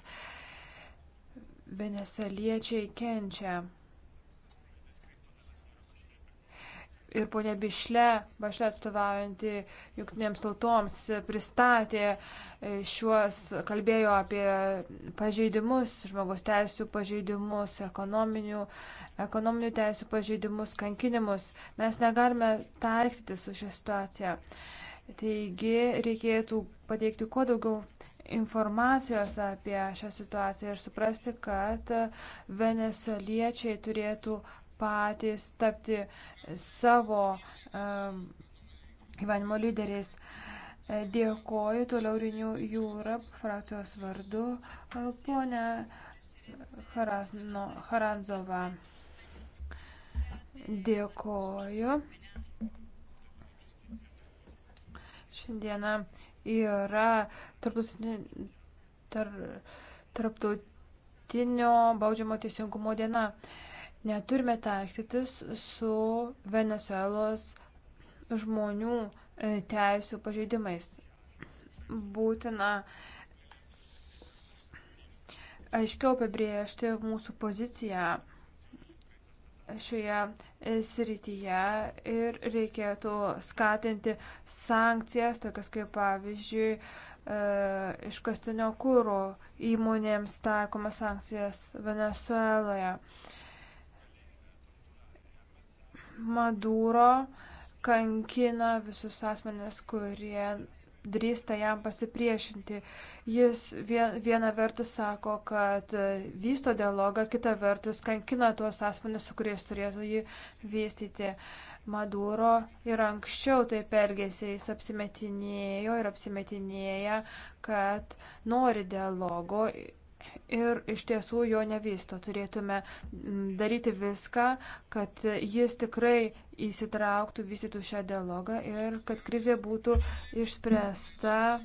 venesaliečiai kenčia. ir ponia Bišle, Bašle atstovaujanti jungtinėms tautoms, pristatė e, šiuos, kalbėjo apie pažeidimus, žmogaus teisų pažeidimus, ekonominių, ekonominių teisų pažeidimus, kankinimus. Mes negalime taiksyti su šią situaciją. Taigi reikėtų pateikti kuo daugiau informacijos apie šią situaciją ir suprasti, kad venesoliečiai turėtų patys tapti savo gyvenimo lyderiais. E, dėkoju toliau Renew Europe frakcijos vardu e, ponę Haranzovą. Dėkoju. Šiandieną yra tarptautinio baudžiamo teisingumo diena. Neturime taikstytis su Venezuelos žmonių e, teisų pažeidimais. Būtina aiškiau apibriežti mūsų poziciją šioje e, srityje ir reikėtų skatinti sankcijas, tokias kaip pavyzdžiui e, iškastinio kūro įmonėms taikomas sankcijas Venezueloje. Maduro kankina visus asmenės, kurie drįsta jam pasipriešinti. Jis viena vertus sako, kad vysto dialogą, kita vertus kankina tuos asmenis, su kuriais turėtų jį vystyti. Maduro ir anksčiau taip elgėsi, jis apsimetinėjo ir apsimetinėja, kad nori dialogo ir iš tiesų jo nevysto. Turėtume mm, daryti viską, kad jis tikrai įsitrauktų, vystytų šią dialogą ir kad krizė būtų išspręsta